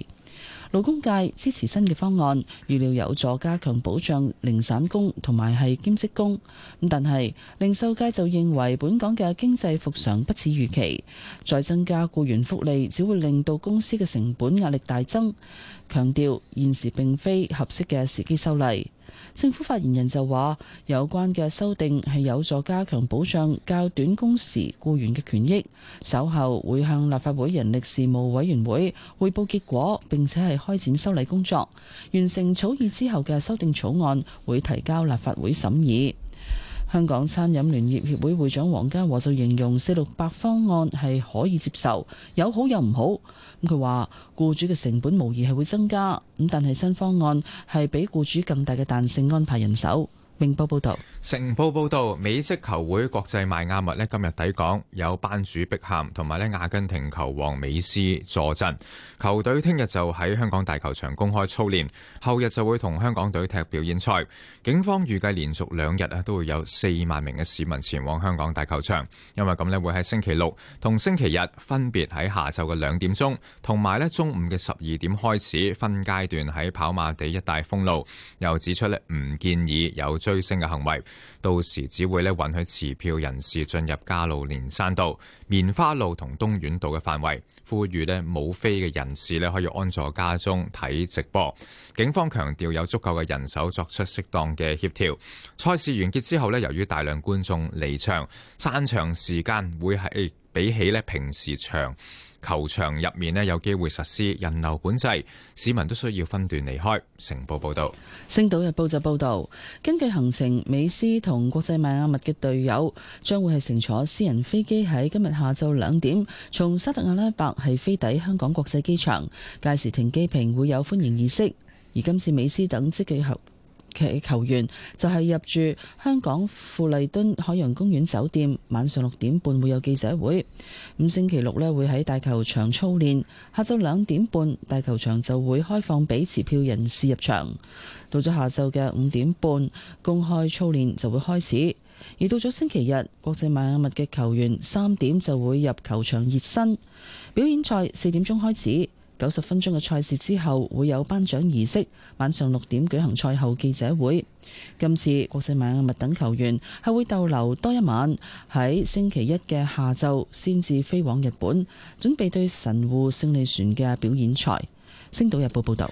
勞工界支持新嘅方案，預料有助加強保障零散工同埋係兼職工。咁但係零售界就認為本港嘅經濟復常不似預期，再增加僱員福利只會令到公司嘅成本壓力大增，強調現時並非合適嘅時機修例。政府發言人就話，有關嘅修訂係有助加強保障較短工時僱員嘅權益，稍後會向立法會人力事務委員會匯報結果，並且係開展修例工作，完成草擬之後嘅修訂草案會提交立法會審議。香港餐飲聯業協會會長黃家和就形容四六八方案係可以接受，有好有唔好。佢話，僱主嘅成本無疑係會增加，咁但係新方案係俾僱主更大嘅彈性安排人手。明報報道，成報報道，美職球會國際邁亞密咧今日抵港，有班主碧咸同埋咧阿根廷球王美斯助陣，球隊聽日就喺香港大球場公開操練，後日就會同香港隊踢表演賽。警方預計連續兩日咧都會有四萬名嘅市民前往香港大球場，因為咁咧會喺星期六同星期日分別喺下晝嘅兩點鐘同埋咧中午嘅十二點開始分階段喺跑馬地一帶封路。又指出咧唔建議有。追星嘅行為，到時只會咧允許持票人士進入加路連山道、棉花路同東院道嘅範圍。呼籲咧冇飛嘅人士咧可以安坐家中睇直播。警方強調有足夠嘅人手作出適當嘅協調。賽事完結之後咧，由於大量觀眾離場，散場時間會係比起咧平時長。球場入面呢，有機會實施人流管制，市民都需要分段離開。成報報道，星島日報就報道，根據行程，美斯同國際邁阿密嘅隊友將會係乘坐私人飛機喺今日下晝兩點從沙特阿拉伯係，飛抵香港國際機場，屆時停機坪會有歡迎儀式。而今次美斯等積聚後。球員就係入住香港富麗敦海洋公園酒店，晚上六點半會有記者會。五星期六咧會喺大球場操練，下晝兩點半大球場就會開放俾持票人士入場。到咗下晝嘅五點半，公開操練就會開始。而到咗星期日，國際邁阿密嘅球員三點就會入球場熱身，表演賽四點鐘開始。九十分鐘嘅賽事之後會有頒獎儀式，晚上六點舉行賽後記者會。今次國際馬嘅麥等球員係會逗留多一晚，喺星期一嘅下晝先至飛往日本，準備對神戶勝利船嘅表演賽。星島日報報導。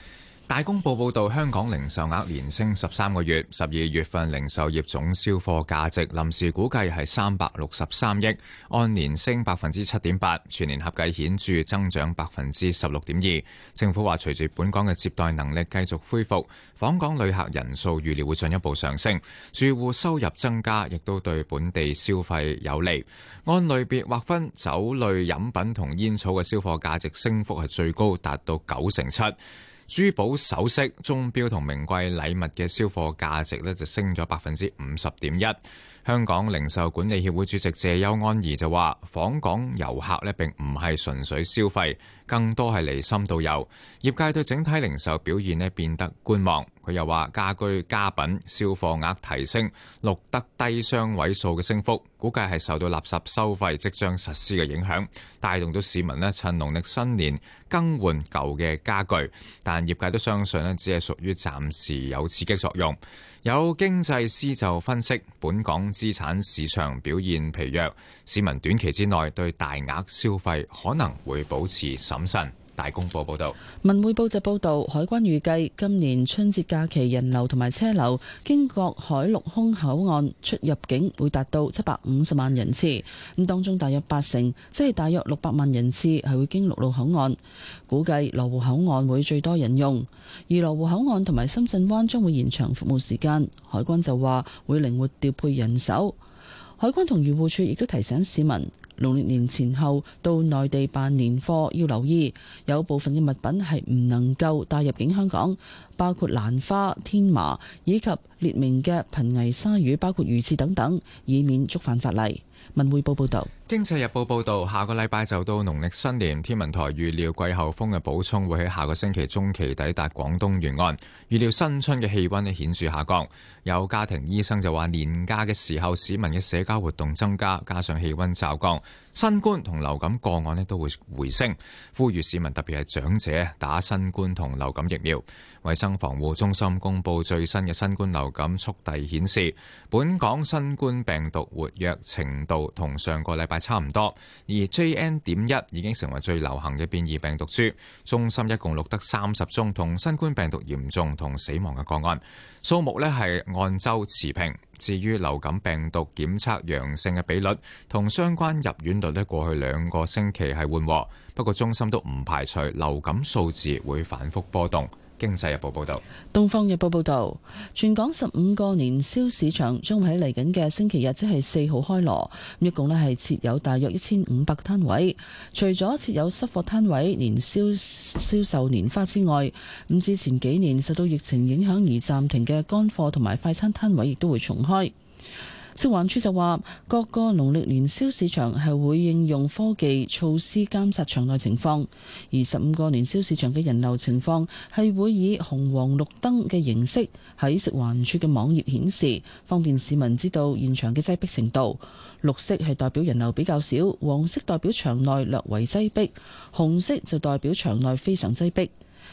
大公報報導，香港零售額連升十三個月。十二月份零售業總銷貨價值臨時估計係三百六十三億，按年升百分之七點八，全年合計顯著增長百分之十六點二。政府話，隨住本港嘅接待能力繼續恢復，訪港旅客人數預料會進一步上升。住戶收入增加，亦都對本地消費有利。按類別劃分，酒類飲品同煙草嘅銷貨價值升幅係最高，達到九成七。珠寶首飾、鐘錶同名貴禮物嘅銷貨價值咧，就升咗百分之五十點一。香港零售管理協會主席謝邱安儀就話：訪港遊客咧並唔係純粹消費，更多係嚟深度遊。業界對整體零售表現咧變得觀望。佢又話：家居家品銷貨額提升，錄得低雙位數嘅升幅，估計係受到垃圾收費即將實施嘅影響，帶動到市民咧趁農曆新年更換舊嘅家具。但業界都相信咧，只係屬於暫時有刺激作用。有經濟師就分析，本港資產市場表現疲弱，市民短期之內對大額消費可能會保持審慎。大公報報道，文匯報就報道，海關預計今年春節假期人流同埋車流經各海陸空口岸出入境會達到七百五十萬人次，咁當中大約八成，即係大約六百萬人次係會經陸路口岸，估計羅湖口岸會最多人用，而羅湖口岸同埋深圳灣將會延長服務時間，海關就話會靈活調配人手，海關同漁護署亦都提醒市民。農曆年前後到內地辦年貨要留意，有部分嘅物品係唔能夠帶入境香港，包括蘭花、天麻以及列明嘅瀕危鯊魚，包括魚翅等等，以免觸犯法例。文匯報報道。經濟日報報道，下個禮拜就到農曆新年，天文台預料季候風嘅補充會喺下個星期中期抵達廣東沿岸，預料新春嘅氣溫呢顯著下降。有家庭醫生就話，年假嘅時候市民嘅社交活動增加，加上氣溫驟降，新冠同流感個案呢都會回升。呼籲市民特別係長者打新冠同流感疫苗。衛生防護中心公布最新嘅新冠流感速遞顯示，本港新冠病毒活躍程度同上個禮拜。差唔多，而 JN 點一已經成為最流行嘅變異病毒株。中心一共錄得三十宗同新冠病毒嚴重同死亡嘅個案，數目呢係按週持平。至於流感病毒檢測陽性嘅比率同相關入院率呢，過去兩個星期係緩和，不過中心都唔排除流感數字會反覆波動。經濟日報報道，東方日報報道，全港十五個年宵市場將會喺嚟緊嘅星期日，即係四號開鑼，一共咧係設有大約一千五百個攤位。除咗設有濕貨攤位年宵銷售年花之外，咁之前幾年受到疫情影響而暫停嘅乾貨同埋快餐攤位亦都會重開。食環署就話，各個農曆年宵市場係會應用科技措施監察場內情況，而十五個年宵市場嘅人流情況係會以紅黃綠燈嘅形式喺食環署嘅網頁顯示，方便市民知道現場嘅擠迫程度。綠色係代表人流比較少，黃色代表場內略為擠迫，紅色就代表場內非常擠迫。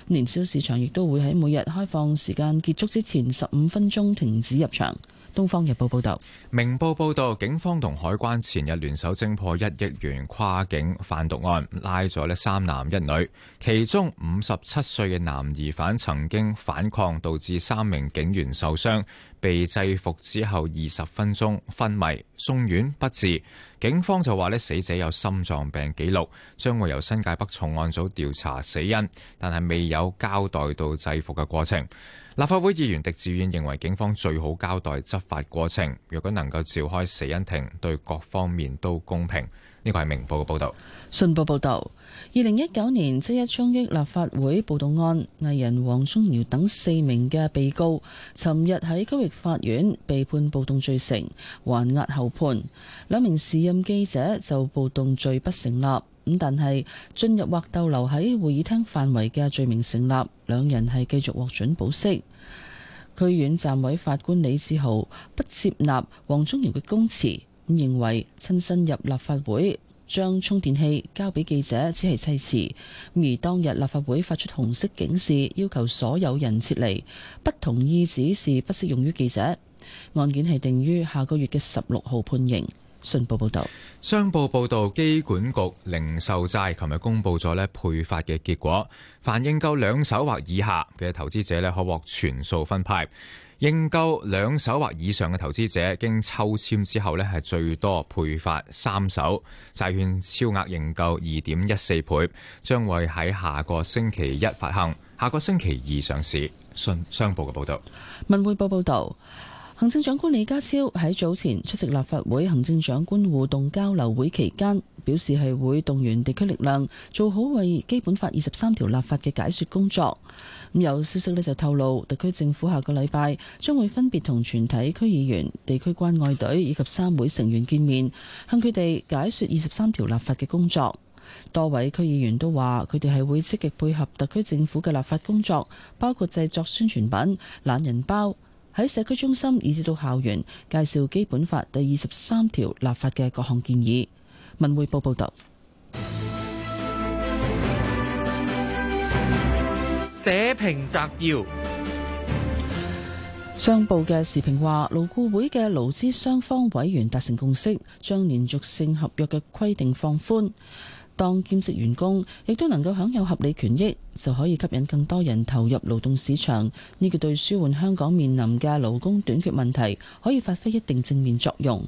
年宵市場亦都會喺每日開放時間結束之前十五分鐘停止入場。東方日報報道，明報報道，警方同海關前日聯手偵破一億元跨境販毒案，拉咗呢三男一女，其中五十七歲嘅男疑犯曾經反抗，導致三名警員受傷。被制服之後二十分鐘昏迷，送院不治，警方就話呢死者有心臟病記錄，將會由新界北重案組調查死因，但係未有交代到制服嘅過程。立法會議員狄志遠認為警方最好交代執法過程，若果能夠召開死因庭，對各方面都公平。呢個係明報嘅報導，信報報導，二零一九年七一衝擊立法會暴動案，藝人王宗堯等四名嘅被告，尋日喺區域法院被判暴動罪成，還押候判。兩名時任記者就暴動罪不成立，咁但係進入或逗留喺會議廳範圍嘅罪名成立，兩人係繼續獲准保釋。區院暫委法官李志豪不接納王宗堯嘅供詞。認為親身入立法會將充電器交俾記者只係砌詞，而當日立法會發出紅色警示，要求所有人撤離，不同意指示不適用於記者。案件係定於下個月嘅十六號判刑。信報報道，商報報道，機管局零售債琴日公布咗咧，配發嘅結果，反映夠兩手或以下嘅投資者咧可獲全數分派。認購兩手或以上嘅投資者經抽籤之後咧，係最多配發三手債券，超額認購二點一四倍，將會喺下個星期一發行，下個星期二上市。信商報嘅報道，文匯報報道。行政長官李家超喺早前出席立法會行政長官互動交流會期間，表示係會動員地區力量，做好為《基本法》二十三條立法嘅解說工作。咁有消息呢就透露，特區政府下個禮拜將會分別同全體區議員、地區關愛隊以及三會成員見面，向佢哋解說二十三條立法嘅工作。多位區議員都話，佢哋係會積極配合特區政府嘅立法工作，包括製作宣傳品、懶人包。喺社區中心以至到校園介紹《基本法》第二十三條立法嘅各項建議。文匯報報道。社評摘要：商報嘅時評話，勞顧會嘅勞資雙方委員達成共識，將連續性合約嘅規定放寬。當兼職員工亦都能夠享有合理權益，就可以吸引更多人投入勞動市場。呢個對舒緩香港面臨嘅勞工短缺問題，可以發揮一定正面作用。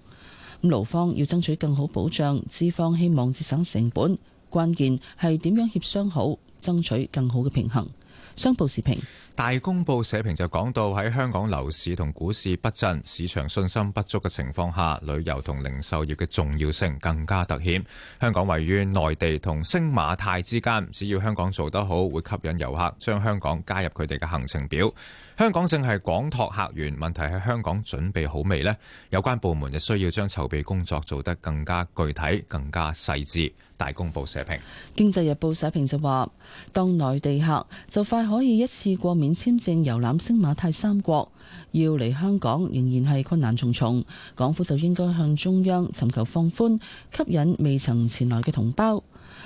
咁勞方要爭取更好保障，資方希望節省成本，關鍵係點樣協商好，爭取更好嘅平衡。商報時評。大公報社評就講到喺香港樓市同股市不振、市場信心不足嘅情況下，旅遊同零售業嘅重要性更加凸顯。香港位於內地同星馬泰之間，只要香港做得好，會吸引遊客將香港加入佢哋嘅行程表。香港正係廣拓客源，問題喺香港準備好未呢？有關部門就需要將籌備工作做得更加具體、更加細緻。大公報社評，經濟日報社評就話，當內地客就快可以一次過免簽證遊覽星馬泰三國，要嚟香港仍然係困難重重。港府就應該向中央尋求放寬，吸引未曾前來嘅同胞。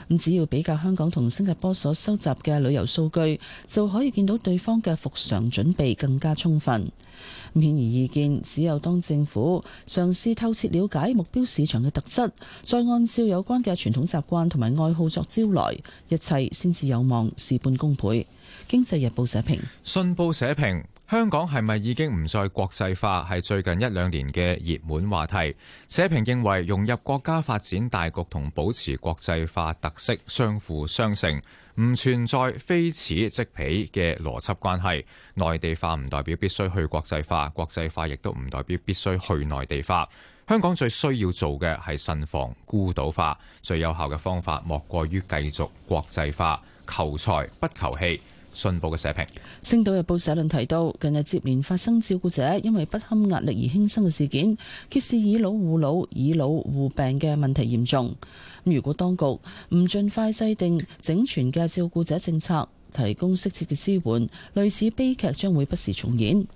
咁只要比較香港同新加坡所收集嘅旅遊數據，就可以見到對方嘅復常準備更加充分。咁顯而易見，只有當政府嘗試透徹了解目標市場嘅特質，再按照有關嘅傳統習慣同埋愛好作招來，一切先至有望事半功倍。經濟日報社評，信報社評。香港係咪已經唔再國際化？係最近一兩年嘅熱門話題。社評認為融入國家發展大局同保持國際化特色相輔相成，唔存在非此即彼嘅邏輯關係。內地化唔代表必須去國際化，國際化亦都唔代表必須去內地化。香港最需要做嘅係慎防孤島化，最有效嘅方法莫過於繼續國際化，求財不求氣。信報嘅社評，《星島日報》社論提到，近日接連發生照顧者因為不堪壓力而輕生嘅事件，揭示以老護老、以老護病嘅問題嚴重。如果當局唔盡快制定整全嘅照顧者政策，提供適切嘅支援，類似悲劇將會不時重演。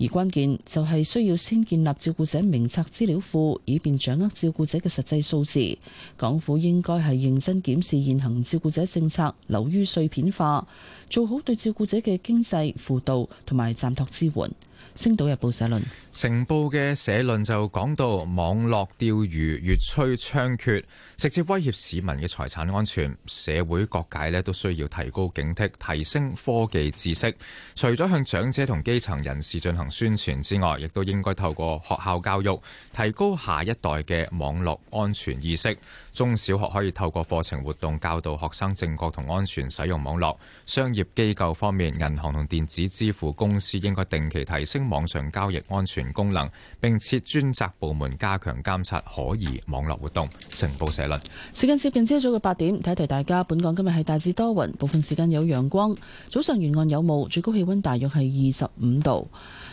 而關鍵就係需要先建立照顧者名冊資料庫，以便掌握照顧者嘅實際數字。港府應該係認真檢視現行照顧者政策，流於碎片化，做好對照顧者嘅經濟輔導同埋暫托支援。《星島日報》社論，成報嘅社論就講到網絡釣魚越趨猖獗，直接威脅市民嘅財產安全。社會各界呢都需要提高警惕，提升科技知識。除咗向長者同基層人士進行宣傳之外，亦都應該透過學校教育，提高下一代嘅網絡安全意識。中小學可以透過課程活動教導學生正確同安全使用網絡。商業機構方面，銀行同電子支付公司應該定期提升網上交易安全功能，並設專責部門加強監察可疑網絡活動。成報社論。時間接近朝早嘅八點，提提大家。本港今日係大致多雲，部分時間有陽光。早上沿岸有霧，最高氣溫大約係二十五度。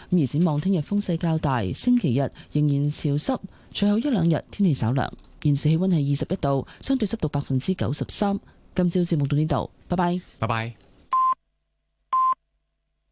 咁而展望聽日風勢較大，星期日仍然潮濕，隨後一兩日天氣稍涼。現時氣溫係二十一度，相對濕度百分之九十三。今朝節目到呢度，拜拜，拜拜。